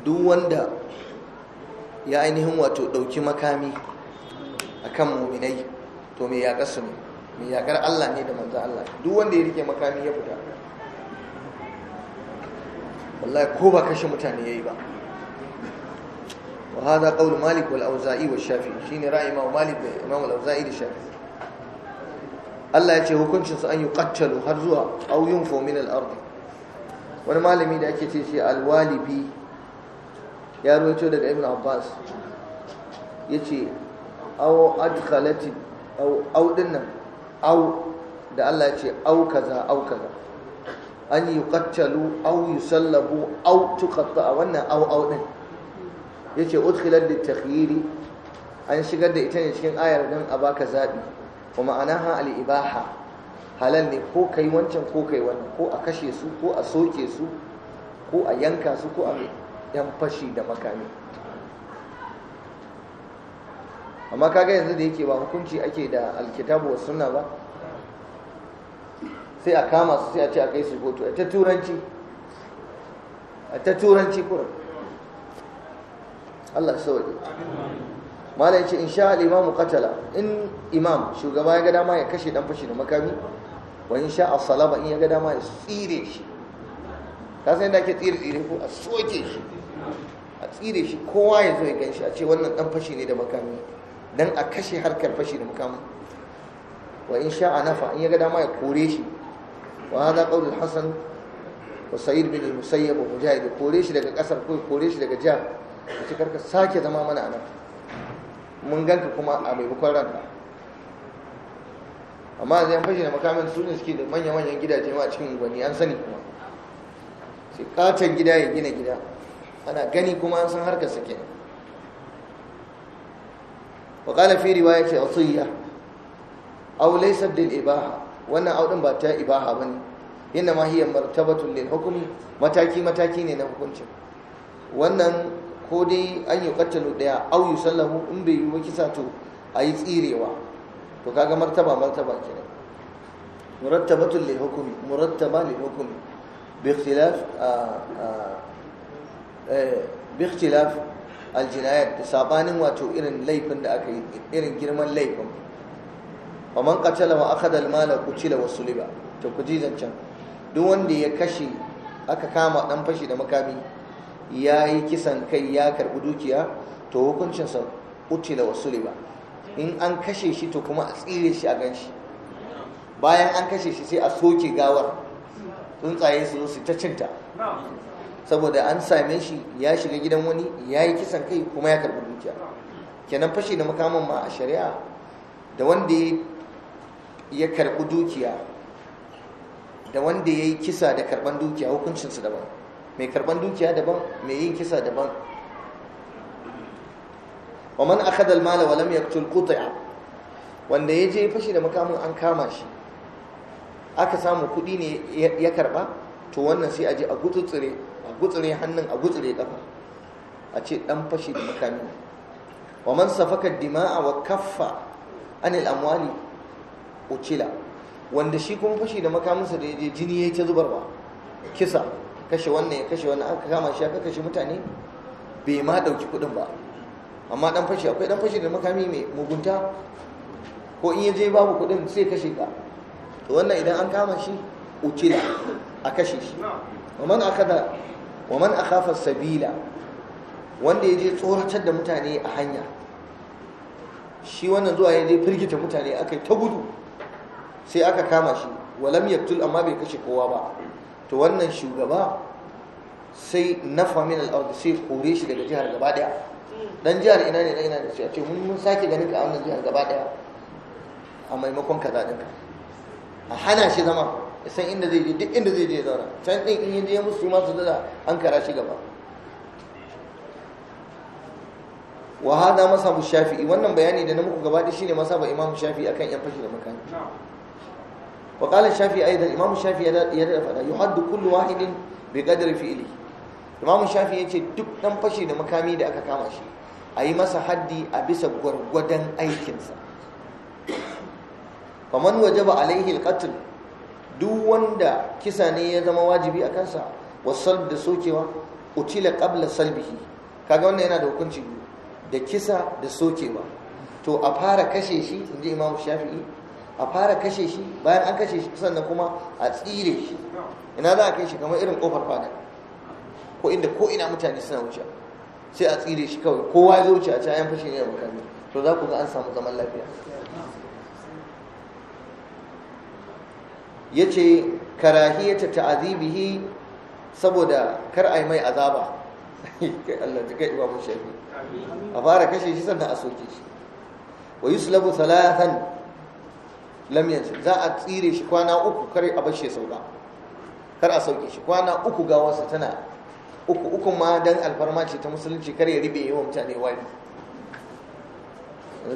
duk wanda ya ainihin wato dauki makami akan mu'minai to me ya kasu ne mai yakar Allah ne da manzo Allah duk wanda ya rike makami ya fita wallahi ko ba kashe mutane yayi ba وهذا قول مالك والأوزائي والشافعي شيني رأي إمام مالك Auza’i da للشافعي Allah يتي hukuncin su an yi yuqattalu har zuwa aw yunfu min al-ard wani malami da ake ce shi al-walibi ya rawaito daga ibn abbas yace aw adkhalat aw aw dinnan aw da Allah ya ce aw kaza aw kaza an yi yi sallabu au tukatta a wannan aw Ya din yace da litakhiri an shigar da ita ne cikin ayar don a baka zaɓi. kuma anaha al-ibaha halal ne ko kai wancan ko kai wani, ko a kashe su ko a soke su ko a yanka su ko a yan fashi da makami amma kaga yanzu da yake ba hukunci ake da alkitabu wa suna ba sai a kama su sai a ce a kai su kotu ta turanci a ta turanci kurin Allah sauke malai ce in sha Alimamu katala in imam shugaba ya ga dama ya kashe dan fashi da makami wa in sha as in ya ga dama ya tsire shi ka san yadda ake tsire tsire ko a soke shi a tsire shi kowa ya zo ya gan shi a ce wannan dan fashi ne da makami dan a kashe harkar fashi da makami wa in sha anafa in ya ga dama ya kore shi وهذا قول الحسن وسعيد بن المسيب ومجاهد kore shi daga قريش لك kore shi daga jihar da من karka كما zama mana nan mun kuma a maimakon ranka amma zai an fashe da makamin su ne suke da manya-manyan gidaje ma cikin gwani an sani kuma sai katon gida ya gina gida ana gani kuma an san harkar sake ne wa kala ce asiyya aw ibaha wannan audin ba ta ibaha ba ne yana ma hiyar martabatun lil hukumi mataki-mataki ne na hukuncin wannan ko dai an yi kattalu daya au yi sallahu in bai yi waki to a yi tsirewa to kaga martaba martaba ke kenan murattabatun lil hukumi murattaba lil hukumi bi ikhtilaf bi ikhtilaf sabanin wato irin laifin da aka yi irin girman laifin wa man qatala wa akhadha al-mala qutila wa suliba to ku zancan duk wanda ya kashe aka kama dan fashi da makami ya kisan kai ya karbi dukiya to hukuncin sa qutila wa suliba in an kashe shi to kuma a tsire shi a ganshi bayan an kashe shi sai a soke gawar tsuntsaye su zo su ta cinta saboda an same shi ya shiga gidan wani ya yi kisan kai kuma ya karbi dukiya kenan fashi da makaman ma a shari'a da wanda ya ya karɓi dukiya da wanda ya yi kisa da karɓan dukiya hukuncinsu daban mai karɓan dukiya daban mai yin kisa daban wa man akhadha al-mala wa lam yaqtul qut'a wanda ya je fashi da makamin an kama shi aka samu kuɗi ne ya karɓa to wannan sai aje a gutsure a gutsure hannun a gutsure kafa a ce dan fashi da makamin wa man safaka dima'a wa kaffa anil amwali Ucila wanda shi kuma fashi da makamunsa da yaje jini ya ta zubarwa kisa kashe wannan ya kashe wannan aka kama shi aka kashe mutane bai ma dauki kudin ba amma dan fashi akwai dan fashi da makami mai mugunta ko in yaje babu kudin sai kashe ka to wannan idan an kama shi ucila a kashe shi wa akada waman akhafa sabila wanda yaje tsoratar da mutane a hanya shi wannan zuwa yaje firgita mutane akai ta gudu sai aka kama shi walam yaktul amma bai kashe kowa ba to wannan shugaba sai nafa min al-ard sai kore shi daga jihar gaba daya dan jihar ina ne dan ina ne sai a ce mun mun sake ganin ka a wannan jihar gaba daya a maimakon kaza din a hana shi zama ya san inda zai je duk inda zai je zauna can din in je musu ma su da an kara shi gaba wa hada masabu shafi'i wannan bayani da na muku gaba da shine masabu imam shafi'i akan yan fashi da makami وقال الشافعي ايضا امام imam shafi ya da fada yuhaddu kullu wahidin bi qadri fi'li imam shafi yace duk dan fashi da makami da aka kama shi Ayi masa haddi a bisa gwargwadon aikinsa faman wajaba alaihi alqatl duk wanda kisa ne ya zama wajibi a kansa wasal da sokewa utila qabla salbihi kaga wannan yana da hukunci da kisa da sokewa to a fara kashe shi inji Imam shafi'i a fara kashe shi bayan an kashe shi sannan kuma a tsire shi ina za a kai shi kamar irin kofar fada ko inda ko ina mutane suna wuce sai a tsire shi kawai kowa ya wuce a ci ayan fashe ne a mutane to za ku ga an samu zaman lafiya ya ce ta ta'azibihi saboda kar a yi mai azaba kai Allah ji kai shafi a fara kashe shi sannan a soke shi wa yuslabu salatan lam yanzu za a tsire shi kwana uku kar a bar shi sauka kar a sauke shi kwana uku gawarsa tana uku uku ma don alfarma ce ta musulunci kar ya ribe yi wa mutane wani.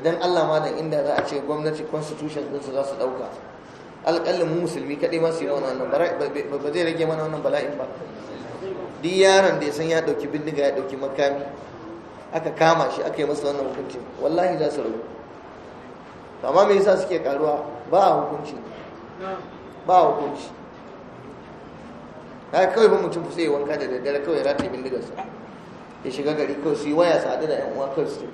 dan Allah ma da inda za a ce gwamnati constitution din za su ɗauka. alƙalin mu musulmi kaɗai ma su yi wannan ba zai rage mana wannan bala'in ba duk yaron da ya san ya ɗauki bindiga ya ɗauki makami aka kama shi aka yi masa wannan hukuncin wallahi za su rabu amma me yasa suke karuwa ba a hukunci ba a hukunci ya kawai ba mutum fusa yi wanka da daddare kawai rataye bindigarsa ya shiga gari kawai su yi waya sadu da yan uwa kawai su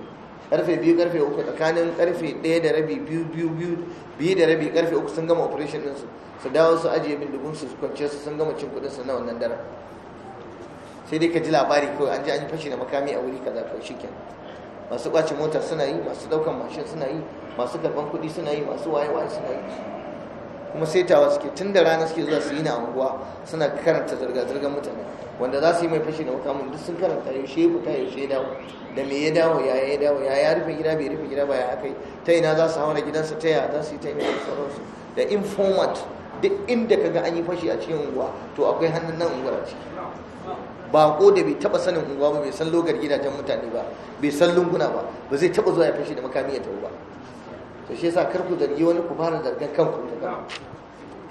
tafi karfe biyu karfe uku tsakanin karfe ɗaya da rabi biyu biyu biyu biyu da rabi karfe uku sun gama operation ɗinsu su dawo su ajiye bindigun su kwance su sun gama cin kuɗin su na wannan dare. sai dai ka ji labari kawai an ji an yi fashi da makami a wuri kaza kawai shi masu ƙwace mota suna yi masu daukan mashin suna yi masu karban kudi suna yi masu waye-waye suna yi kuma saitawa suke tun da rana suke zuwa su yi na unguwa suna karanta zirga-zirgar mutane wanda za su yi mai fashi da mutane duk sun karanta yaushe ya fita yaushe shi dawo da me ya dawo ya ya dawo ya ya rufe gida bai rufe gida ba ya aka ta ina za su na gidansa ta yaya za su yi ta ina da sauransu da informat duk inda kaga an yi fashi a cikin unguwa to akwai hannun nan unguwar a ciki bako da bai taba sanin unguwa ba bai san logar gidajen mutane ba bai san lunguna ba ba zai taba zuwa ya fashi da makami ya tafi ba to shi yasa karku ku zargi wani ku fara zargan kanku da shi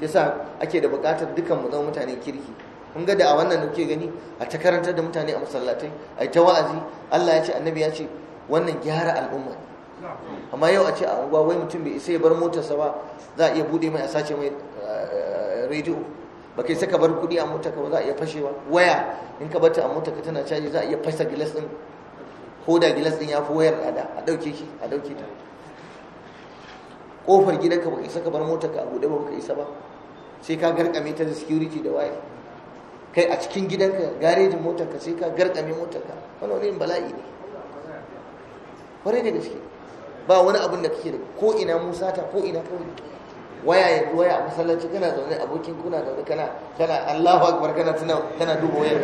yasa ake da bukatar dukan mu zama mutanen kirki kun ga da a wannan da gani a ta karantar da mutane a masallatai Aita ta wa'azi Allah ya ce annabi ya ce wannan gyara al'umma amma yau a ce a unguwa wai mutum bai isa ya bar motarsa ba za a iya bude mai a sace mai eh, rediyo ba kai saka bar kuɗi a mota ka ba za a iya fashewa waya in ka bata a mota ka tana caji za a iya fasa gilas din ko da gilas din ya fi wayar a da a ɗauke shi, a ɗauke ta kofar gidanka baka isa ka bar motar ka a buɗe ba baka isa ba sai ka garkame ta da security da waya kai a cikin gidanka garejin motar ka sai ka garkame motar ka wani wani bala'i ne kwarai ne gaske ba wani abin da kake da ko ina musa ta ko ina kawai waya yanzu waya a masallaci kana zaune abokin kuna zaune kana kana Allahu akbar kana tana kana duba wayar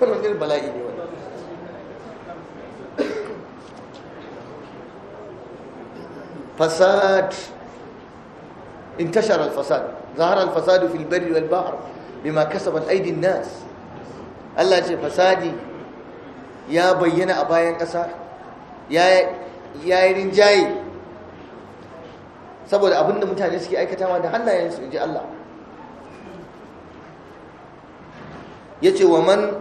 ka wannan bala'i ne fasad intashara al-fasad zahara al-fasadu fil barri bima kasabat aydin nas Allah ce fasadi ya bayyana a bayan kasa, ya yi rinjaye saboda abinda mutane suke aikatawa da hannayensu inji Allah ya ce wa man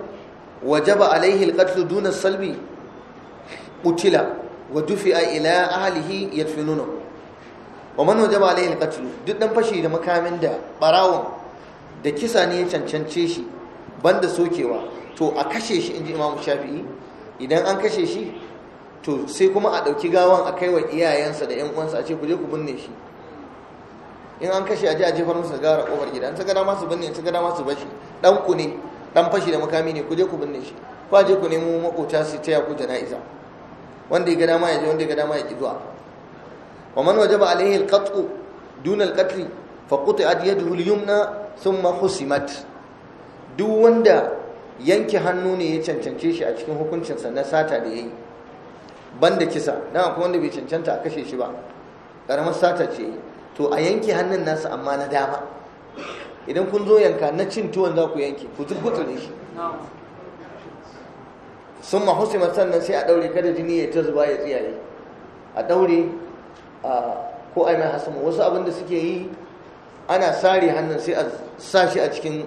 wajaba alaihi alƙatlu duna salbi utila wa dufi'a ila ahlihi yadfinuna wa man wajaba alayhi alqatl duk dan fashi da makamin da barawon da kisa ne ya cancance shi banda sokewa to a kashe shi inji imamu shafi'i idan an kashe shi to sai kuma a dauki gawan a kai wa iyayensa da 'yan uwansa a ce ku je ku binne shi in an kashe a je a jefar musu gara kofar gida in ta gada masu binne in ta gada masu bashi dan ku ne dan fashi da makami ne ku je ku binne shi ko a je ku nemo makota su taya ku jana'iza wanda ya ga dama ya ji wanda ya ga dama ya ki zuwa wa man wajaba alaihi alqat'u duna alqatl fa quti'at yaduhu alyumna thumma husimat duk wanda yanke hannu ne ya cancance shi a cikin hukuncinsa na sata da yayi banda kisa dan akwai wanda bai cancanta a kashe shi ba karamar sata ce to a yanke hannun nasa amma na dama idan kun zo yanka na cin tuwon za ku yanke ku da shi sun ma mahusima sannan sai a daure kada jini ya ta zuba ya tsiyaye a daure ko a mai hasumu wasu abin da suke yi ana sare hannun sai a sa shi a cikin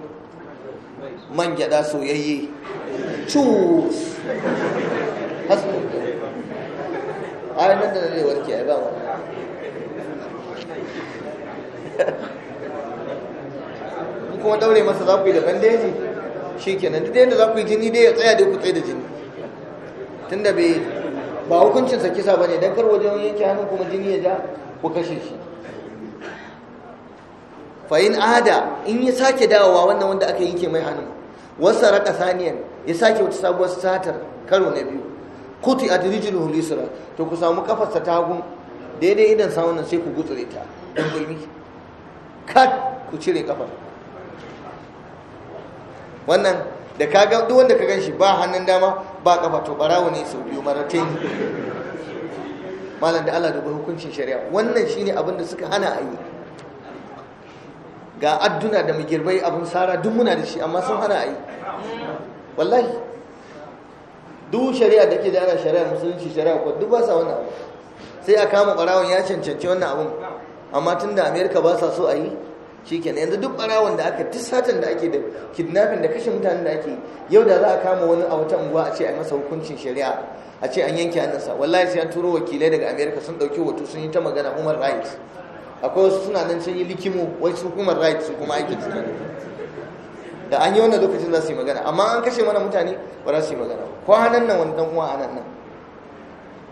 man gyada soyayye cus hasumu a yi nan da na zai warke a ba wani kuma daure masa za ku yi da bandeji shi kenan duk da za ku yi jini dai ya tsaya da ku tsaye da jini tunda bai ba hukuncin sa kisa bane dan kar wajen yanke hannun kuma jini ya ja ku kashe shi fa in ada in ya sake dawowa wannan wanda aka yanke mai hannu wasa raka saniyan ya sake wata sabuwar satar karo na biyu kuti a dirijin hulisura to ku samu kafarsa ta hagun daidai idan nan sai ku gutsure ta don gulmi kat ku cire kafar wannan da kaga duk wanda ka ganshi ba hannun dama ba kafa to barawo ne sau biyu maratin malam da Allah da hukuncin shari'a wannan shine abin da suka hana a yi ga adduna da magirbai abin sara duk muna da shi amma sun hana a yi wallahi duk shari'a da ke da ana shari'ar musulunci shari'a ko duk ba sa wannan abu sai a kama barawon ya cancanci wannan abun amma tun da amerika ba sa so a yi shikenan yanzu duk barawon da aka tisatan satan da ake da kidnapping da kashe mutanen da ake yau da za a kama wani a wata unguwa a ce a masa hukuncin shari'a a ce an yanke hannunsa wallahi sai an turo wakilai daga america sun dauki hoto sun yi ta magana human rights akwai wasu suna nan sun yi likimo wai su human rights su kuma aikin su da an yi wannan lokacin za su yi magana amma an kashe mana mutane ba za su yi magana kwanan nan wani dan uwa anan nan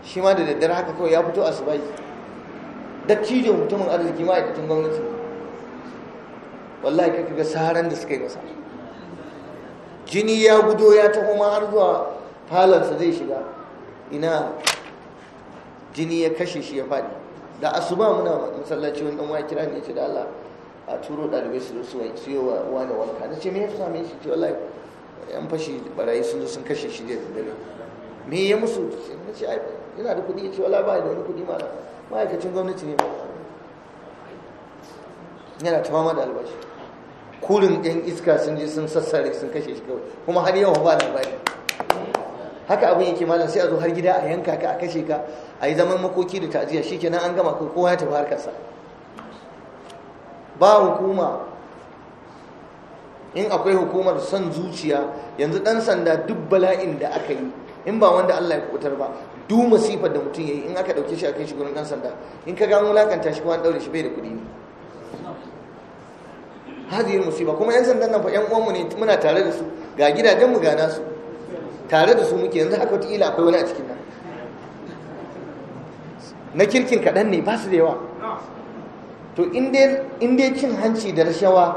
shi ma da daddare haka kawai ya fito a subai cijin mutumin arziki ma'aikatan gwamnati wallahi ka ga saran da suka yi masa jini ya gudo ya taho ma har zuwa falansa zai shiga ina jini ya kashe shi ya faɗi da asuba muna masallaci wani ɗan wani kira ne ce da Allah a turo ɗalibai su su su yi wa wani wanka na ce me ya same shi ce wallahi yan fashi barayi sun zo sun kashe shi da dare me ya musu na ce ai yana da kuɗi ya ce wallahi ba da wani kuɗi ma ma'aikacin gwamnati ne ba yana ma da albashi kurin 'yan iska sun je sun sassare sun kashe shi kawai kuma har yau ba labari haka abin yake malam sai a zo har gida a yanka ka a kashe ka a yi zaman makoki da ta'aziyya shikenan an gama ko kowa ya tafi harkarsa ba hukuma in akwai hukumar son zuciya yanzu dan sanda duk bala'in da aka yi in ba wanda Allah ya kubutar ba duk masifar da mutum ya yi in aka dauke shi a kai shi gurin dan sanda in ka gano lakanta shi kuma an daure shi bai da kuɗi ne hadhihi musiba kuma yan sandan nan fa yan uwanmu ne muna tare da su ga gidajen mu ga nasu tare da su muke yanzu haka wata ila akwai wani a cikin nan na kirkin kaɗan ne ba su da yawa to in dai cin hanci da rashawa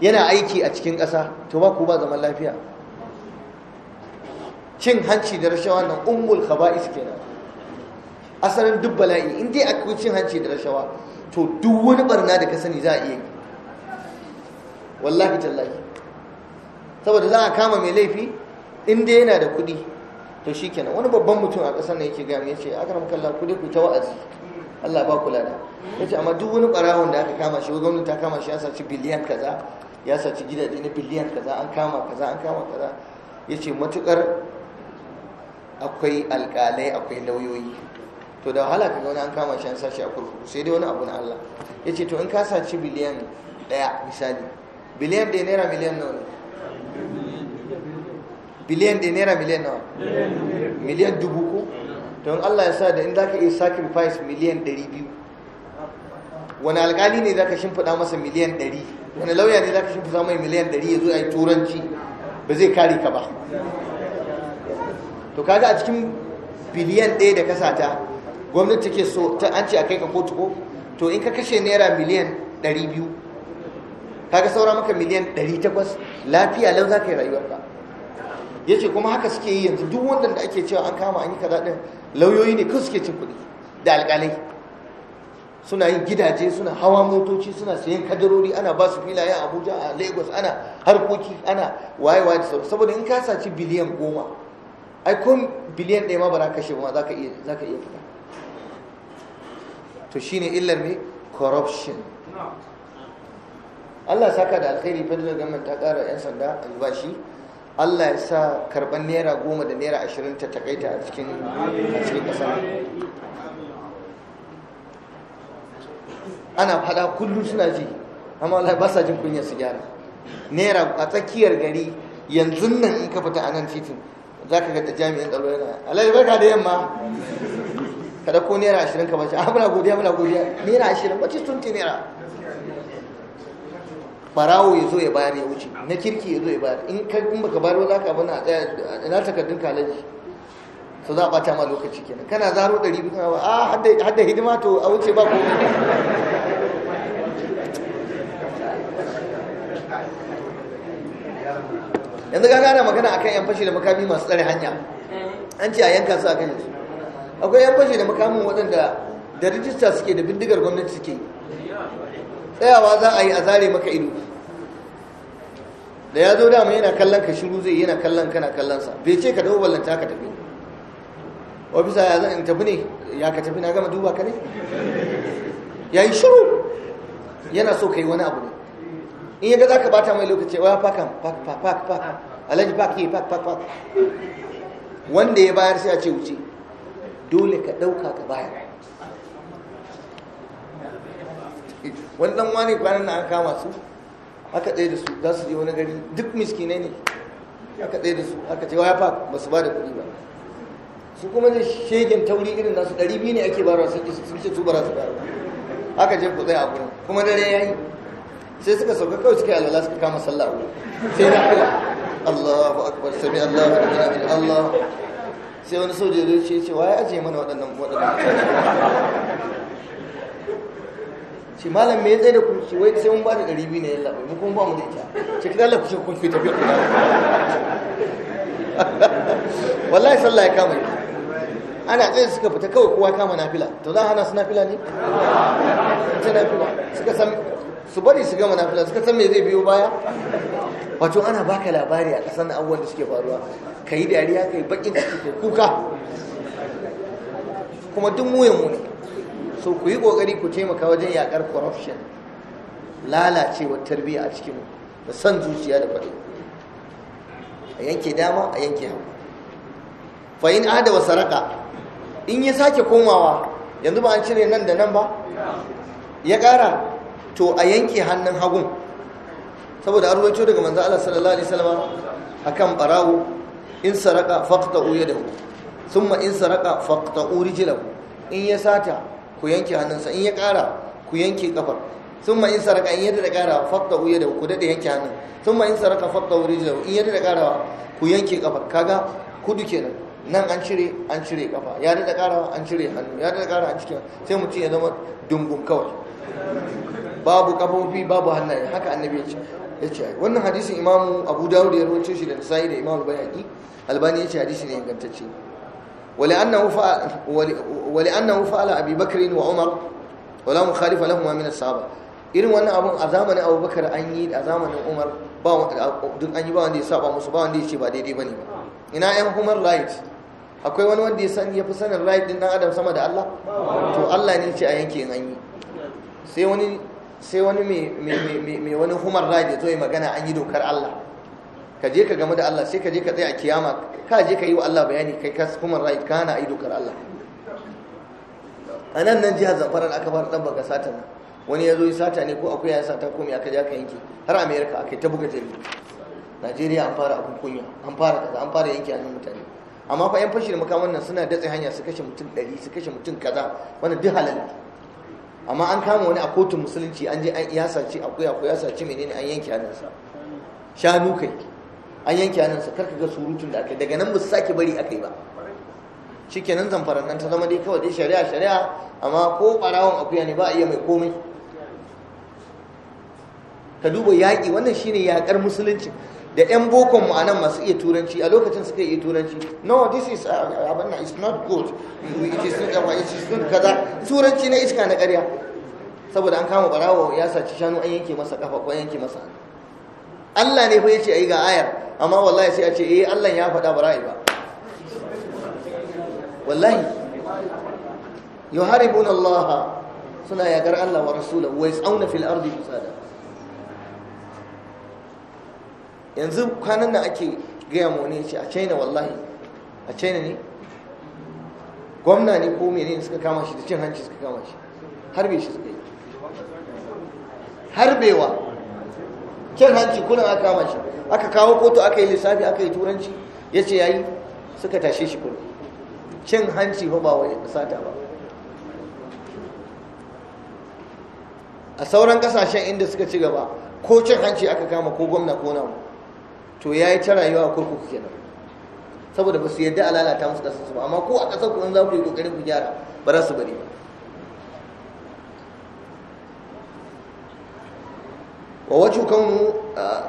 yana aiki a cikin ƙasa to ba ku ba zaman lafiya cin hanci da rashawa nan umul khaba'is kenan asalin duk bala'i in dai akwai cin hanci da rashawa to duk wani barna da ka sani za a iya yi wallahi tallahi saboda za a kama mai laifi in dai yana da kuɗi to shi kenan wani babban mutum a ƙasar na yake gami ya ce aka ramka Allah kuɗi ku ta wa'azi Allah ba kula da ya ce amma duk wani ɓarawon da aka kama shi gwamnati ta kama shi ya saci biliyan kaza ya saci gidaje na biliyan kaza an kama kaza an kama kaza ya ce matuƙar akwai alƙalai akwai lauyoyi to da wahala ka wani an kama shi an sashi a kurkuku sai dai wani abu na Allah ya ce to in ka saci biliyan ɗaya misali biliyan da naira miliyan nawa biliyan da naira miliyan nawa miliyan dubu ko don Allah ya sa da in za ka iya sacrifice miliyan dari biyu wani alkali ne za ka shimfiɗa masa miliyan 100 wani lauya ne za ka shimfiɗa masa miliyan 100 ya zo a yi turanci ba zai kari ka ba to kaga a cikin biliyan ɗaya da kasata gwamnati take so ta an ce a kai ka kotu ko to in ka kashe naira miliyan dari biyu. kaga saura maka miliyan 800 lafiya lau za ka yi ba? ya ce kuma haka suke yi yanzu duk wanda da ake cewa an kama an yi kaza ɗin lauyoyi ne kan suke cin kuɗi da alƙalai suna yin gidaje suna hawa motoci suna sayan kadarori ana ba su filayen abuja a lagos ana harkoki ana wayewa da sauransu saboda in ka saci biliyan goma ai kun biliyan ɗaya ma ba za ka kashe ba za ka iya fita to shine illar ne corruption Allah saka da alkhairi federal government ta kara yan sanda albashi Allah ya sa karban naira goma da naira ashirin ta takaita a cikin a cikin ƙasa ana faɗa kullum suna ji amma Allah ba sa jin kunyar su gyara naira a tsakiyar gari yanzu nan in ka fita a nan titin za ka ga jami'in tsaro yana alhaji barka da yamma ka ko naira ashirin ka shi. a ah, muna godiya muna godiya naira ashirin ci tun naira barawo ya zo ya bayar ya wuce na kirki ya zo ya bayar in ka in baka bayar ba za ka bana ina takardun kalaji su za a bata ma lokaci kenan kana zaro ɗari biyu ba. Ah, a hadda hidima to a wuce ba ko yanzu ga ana magana akan yan fashi da makami masu tsare hanya an ce a yanka su a kan yanzu akwai yan fashi da makamin waɗanda da rijista suke da bindigar gwamnati suke yi tsayawa za a yi a zare maka ido da ya zo dama yana kallon ka shiru zai yana kallon kana kallon sa bai ce ka dawo ballanta ka tafi ofisa ya zan tafi ne ya ka tafi na gama duba ka ne ya yi shiru yana so ka yi wani abu ne in ya za ka bata mai lokaci waya fakan fak fak fak alhaji yi fak fak wanda ya bayar sai a ce wuce dole ka ɗauka ka bayar wani dan wani kwanan na an kama su aka tsaye da su za su je wani gari duk miskinai ne aka tsaye da su aka ce waya ba su ba da kuɗi ba su kuma da shegen tauri irin nasu ɗari biyu ne ake barawa su sun ce su bara su bara aka je ku tsaye a gurin kuma dare ya yi sai suka sauka kawai suka yi alwala suka kama sallah a sai na kula Allahu akbar sami Allahu akbar Allah sai wani sojoji ya ce waya ajiye mana waɗannan waɗannan shi malam me ya tsaye da ku shi wai sai mun ba da ɗari biyu na yalla mu kuma ba mu da ita shi kidan Allah ku ce kun ku tafi ku wallahi sallah ya kama ni ana tsaye suka fita kawai kowa kama nafila to za hana su nafila ne ta nafila suka san su bari su gama nafila suka san me zai biyo baya wato ana baka labari a kasan abubuwan da suke faruwa ka yi dariya ka yi bakin da suke kuka kuma duk muyan mu ne so ku yi ƙoƙari ku taimaka wajen yaƙar corruption lalacewar tarbiyya a cikin da son zuciya da kwaɗe a yanke dama a yanke hagu Fahim adawa wa saraka in ya sake komawa yanzu ba an cire nan da nan ba ya ƙara to a yanke hannun hagun saboda an ruwaito daga manzan Allah sallallahu alaihi wasallam kan barawo in saraka hu sun ma in saraka uri jilabu in ya sata ku yanke hannunsa in ya ƙara ku yanke kafar sun ma in saraka in yadda da ƙara fafta wuya da ku daɗe yanke hannun sun ma in saraka fafta wuri da in yadda da kara ku yanke kafar kaga kudu kenan nan an cire an cire kafa ya daɗa kara an cire hannu ya daɗa kara an cikin sai mutum ya zama dungun kawai babu kafofi babu hannaye haka annabi ya ce ya ce wannan hadisin imamu abu dawud ya rawaito shi da nasa'i da imamu bayani albani ya ce hadisi ne ingantacce ولأنه فعل, ولأنه فعل أبي بكر وعمر ولا مخالف لهما من الصحابة irin wannan abun a zamanin abubakar an yi a zamanin umar duk an yi ba wanda ya saba musu ba wanda ya ce ba daidai ba ne ba ina yan human right akwai wani wanda ya san ya fi sanin right din dan adam sama da Allah to Allah ne ce a yanke in an yi sai wani mai wani human right ya zo ya magana an yi dokar Allah ka je ka game da Allah sai ka je ka tsaye a kiyama ka je ka yi wa Allah bayani kai ka human right kana ai dokar Allah a nan nan jihar zamfarar aka fara dan baka sata nan wani ya zo yi sata ne ko akwai ya sata ko me aka je aka yanke har America aka ta buga jari Najeriya an fara abun kunya an fara kaza an fara yanke hannun mutane amma fa yan fashi da makaman nan suna datse hanya su kashe mutum 100 su kashe mutum kaza wannan duk halal amma an kama wani a kotun musulunci an je an yasa saci akuya ko yasa saci menene an yanke hannunsa shanu kai an yanke hannunsa kar ka ga surutun da aka daga nan ba su sake bari aka yi ba shikenan zamfaran nan ta zama dai kawai dai shari'a shari'a amma ko barawon akuya ne ba a iya mai komai ka duba yaƙi wannan shine yaƙar musulunci da 'yan bokon mu anan masu iya turanci a lokacin suka iya turanci no this is uh, abin na it's not good it is not uh, it is not kaza turanci na iska na ƙarya saboda an kama barawo ya saci shanu an yanke masa kafa ko yanke masa hannu Allah ne fa yace ayi ga ayar amma wallahi sai a ce eh Allah ya faɗa ba ra'ayi ba wallahi haribun Allah suna yagar Allah wa rasula wai tsauna fil ardi fasada yanzu kwanan nan ake gaya mone ce a China wallahi a China ne gwamna ne ko mene suka kama shi da cin hanci suka kama shi harbe shi suka yi harbewa cin hanci kuna aka kama shi aka kawo kotu aka yi lissafi aka yi turanci ya ce ya yi suka tashe shi kudu cin hanci ba wa sata ba a sauran kasashen inda suka ci gaba ko cin hanci aka kama ko gwamna ko namu to ya yi ta rayuwa a kurkuku kenan saboda ba su yadda a lalata musu su ba amma ko a kasar ku in za ku yi kokarin ku gyara ba za su bari ba ووجه كونه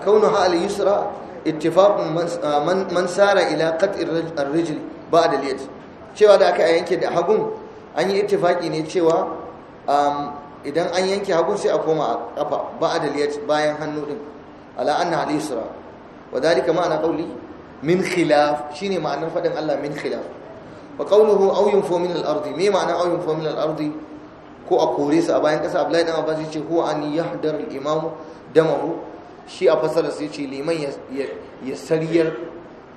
كونها اليسرى اتفاق من من سار الى قطع الرجل بعد اليد cewa da aka yanke da hagun an yi ittifaki ne cewa idan an yanke hagun sai a koma a kafa ba'ad al-yad bayan hannu din ala anna al-yusra wa dalika ma'ana qawli min khilaf shine ma'anar fadin Allah min khilaf wa qawluhu aw yunfu min al-ardi me ma'ana aw yunfu min al-ardi ko a kore su a bayan kasa Abdullahi dan Abbas yace huwa an yahdar al-imam damahu shi a fasara sai ce liman ya sariyar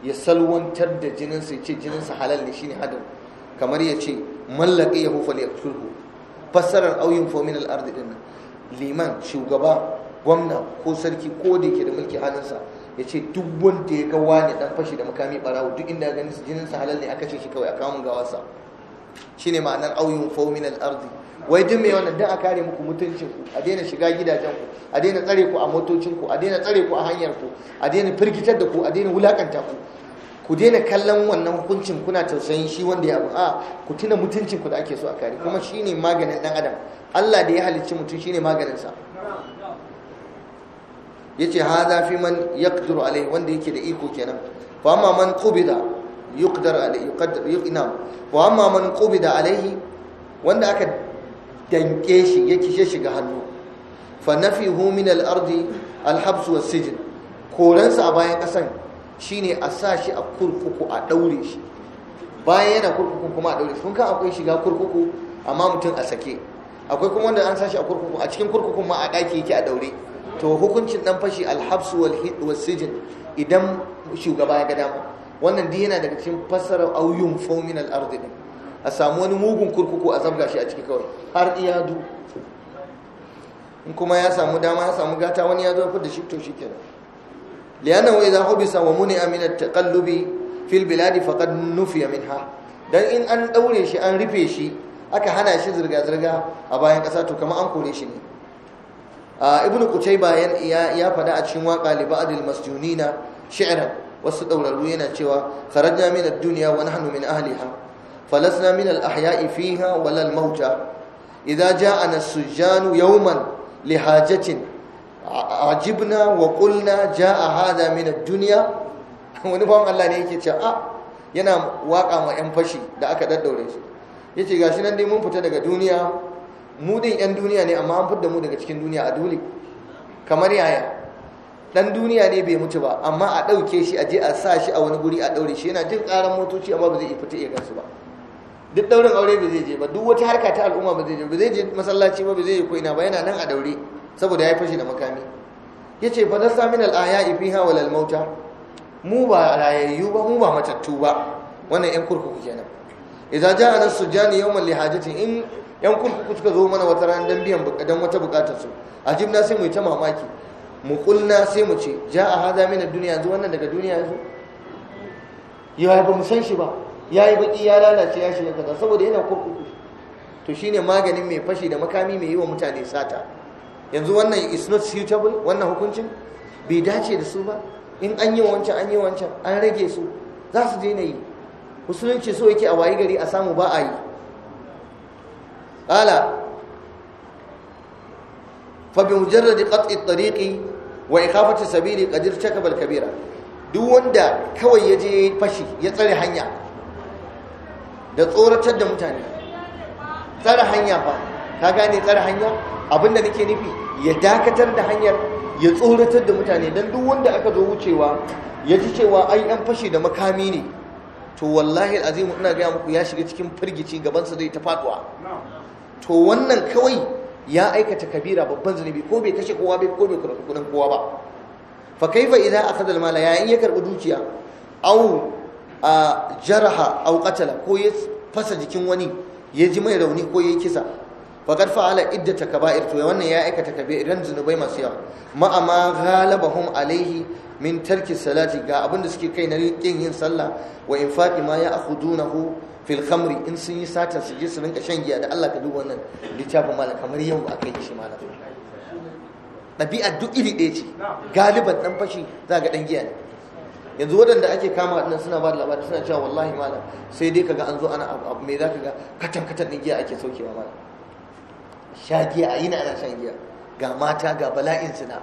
ya salwantar da jininsa ya ce jininsa halal ne shi ne hadin kamar ya ce mallaka hufa fal yaqtulhu fasarar auyin fominal arziki na liman shugaba gwamna ko sarki ko da yake da mulki halinsa ya ce duk wanda ya gawa ne dan fashi da makami barawo duk inda ganin jininsa halal ne aka ce shi kawai a kawon gawarsa shine ma'anar auyin fominal arziki wai duk mai wannan don a kare muku mutuncin ku a daina shiga gidajen ku a daina tsare ku a motocin ku a daina tsare ku a hanyar ku a daina firgitar da ku a daina wulakanta ku ku daina kallon wannan hukuncin kuna tausayin shi wanda ya abu a ku tuna mutuncin ku da ake so a kare kuma shine maganin dan adam Allah da ya halicci mutum shine maganin sa yace hadha fi man yaqdiru alai wanda yake da iko kenan fa amma man qubida yuqdar alai yuqaddar yuqinam wa amma man qubida alaihi wanda aka danke shi ya kishe shiga hannu fa nafihu min al-ardi al wa sijn koransa a bayan kasan shine a sa shi a kurkuku a daure shi bayan yana kurkuku kuma a daure shi kun akwai shiga kurkuku amma mutum a sake akwai kuma wanda an sa shi a kurkuku a cikin kurkukun ma a daki yake a daure to hukuncin dan fashi al-habs wal idan shugaba ya ga dama wannan duk yana daga cikin fassarar auyun fominal ardi a samu wani mugun kurkuku a zabga shi a ciki kawai har iyadu in kuma ya samu dama ya samu gata wani ya zo da shi to shi kenan liyanan wa idha hubisa wa muni min at-taqallubi fil bilad faqad nufiya minha dan in an daure shi an rufe shi aka hana shi zirga zurga a bayan kasa to kamar an kore shi ne A ibnu kutayba ya ya fada a cikin waqa li ba'd al-masjunina shi'ran wasu daurarru yana cewa kharajna min ad-dunya wa nahnu min ahliha falasna min al-ahya'i fiha wala al-mauta idza ja'ana as-sujjanu yawman li hajatin ajibna wa qulna a hadha min ad wani bawan Allah ne yake cewa a yana waka ma yan fashi da aka daddaure shi yace gashi nan dai mun fita daga duniya mu duniya ne amma an mu daga cikin duniya a dole kamar yaya dan duniya ne bai mutu ba amma a ɗauke shi a je a sa shi a wani guri a ɗaure shi yana jin ƙaran motoci amma ba zai fita iya gansu ba duk daurin aure ba zai je ba duk wata harka ta al'umma ba zai je ba zai je masallaci ba ba zai je ko ina ba yana nan a daure saboda ya fashi da makami yace fa nasa min al-aya'i fiha wal mauta mu ba rayayyu ba mu ba matattu ba wannan yan kurkuku kenan idza ja'a as-sujani yawman li hajati in yan kurkuku suka zo mana wata ran dan biyan dan wata bukatar su na sai mu yi ta mamaki mu kulna sai mu ce a hada min ad-dunya yanzu wannan daga duniya yanzu? ya ba mu san shi ba ya yi baki ya lalace ya shiga kaza saboda yana kurkuku to shine maganin mai fashi da makami mai yi mutane sata yanzu wannan is not suitable wannan hukuncin bai dace da su ba in an yi wancan an yi wancan an rage su za su daina yi musulunci so yake a wayi gari a samu ba a yi ƙala fa bi mujarradi qat'i tariqi wa ikhafati sabili qadir takabal kabira duk wanda kawai ya je fashi ya tsare hanya da tsoratar da mutane tsara hanya ba ka gane tsara hanya abinda nake nufi ya dakatar da hanyar ya tsoratar da mutane don duk wanda aka zo wucewa ya ci cewa ai an fashe da makami ne to wallahi azimu ina gaya muku ya shiga cikin firgici gabansa zai ta faduwa to wannan kawai ya aikata kabira babban zunubi ko bai kashe kowa bai ko bai karɓi kowa ba fa kaifa idan akhadha al mala yayin ya karɓi dukiya aw a jaraha aw ko ya fasa jikin wani ya ji mai rauni ko ya kisa faqad fa'ala iddata kaba'ir to wannan ya aikata kabiran zunubai masu yawa ma'a ma ghalabahum alaihi min tarki salati ga abin da suke kai na kin yin sallah wa in faɗi ma ya'khudunahu fil filkamri in sun yi sata su je su rinka shan giya da Allah ka duba wannan littafin malam kamar yau ba kai shi malam ɗabi'ar duk iri ɗaya ce galiban ɗan fashi za ga ɗan giya ne yanzu waɗanda ake kama a suna ba da labari suna cewa wallahi malam sai dai kaga an zo ana abu mai ka ga katan katan ɗin giya ake saukewa malam sha giya a yi na ana shan giya ga mata ga bala'in suna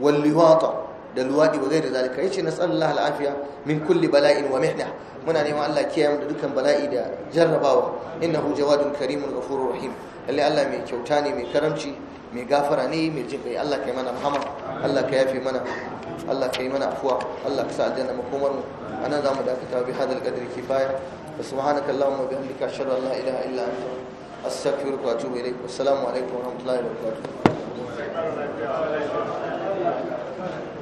walliwata da luwadi wa zai da zalika yace nasallallahu al'afiya min kulli bala'in wa mihna muna neman Allah kiyaye mu da dukkan bala'i da jarrabawa innahu jawadun karimun ghafurur rahim lalle Allah mai kyauta ne mai karamci mai gafara ne mai jinkai Allah kai mana Muhammad Allah ka yafe mana Allah ka yi mana afuwa Allah ka sa aljanna makomar mu anan zamu dakata bi hadal qadri kifaya wa subhanaka allahumma bihamdika ashhadu an la ilaha illa anta astaghfiruka wa atubu ilaik assalamu alaikum wa rahmatullahi wa barakatuh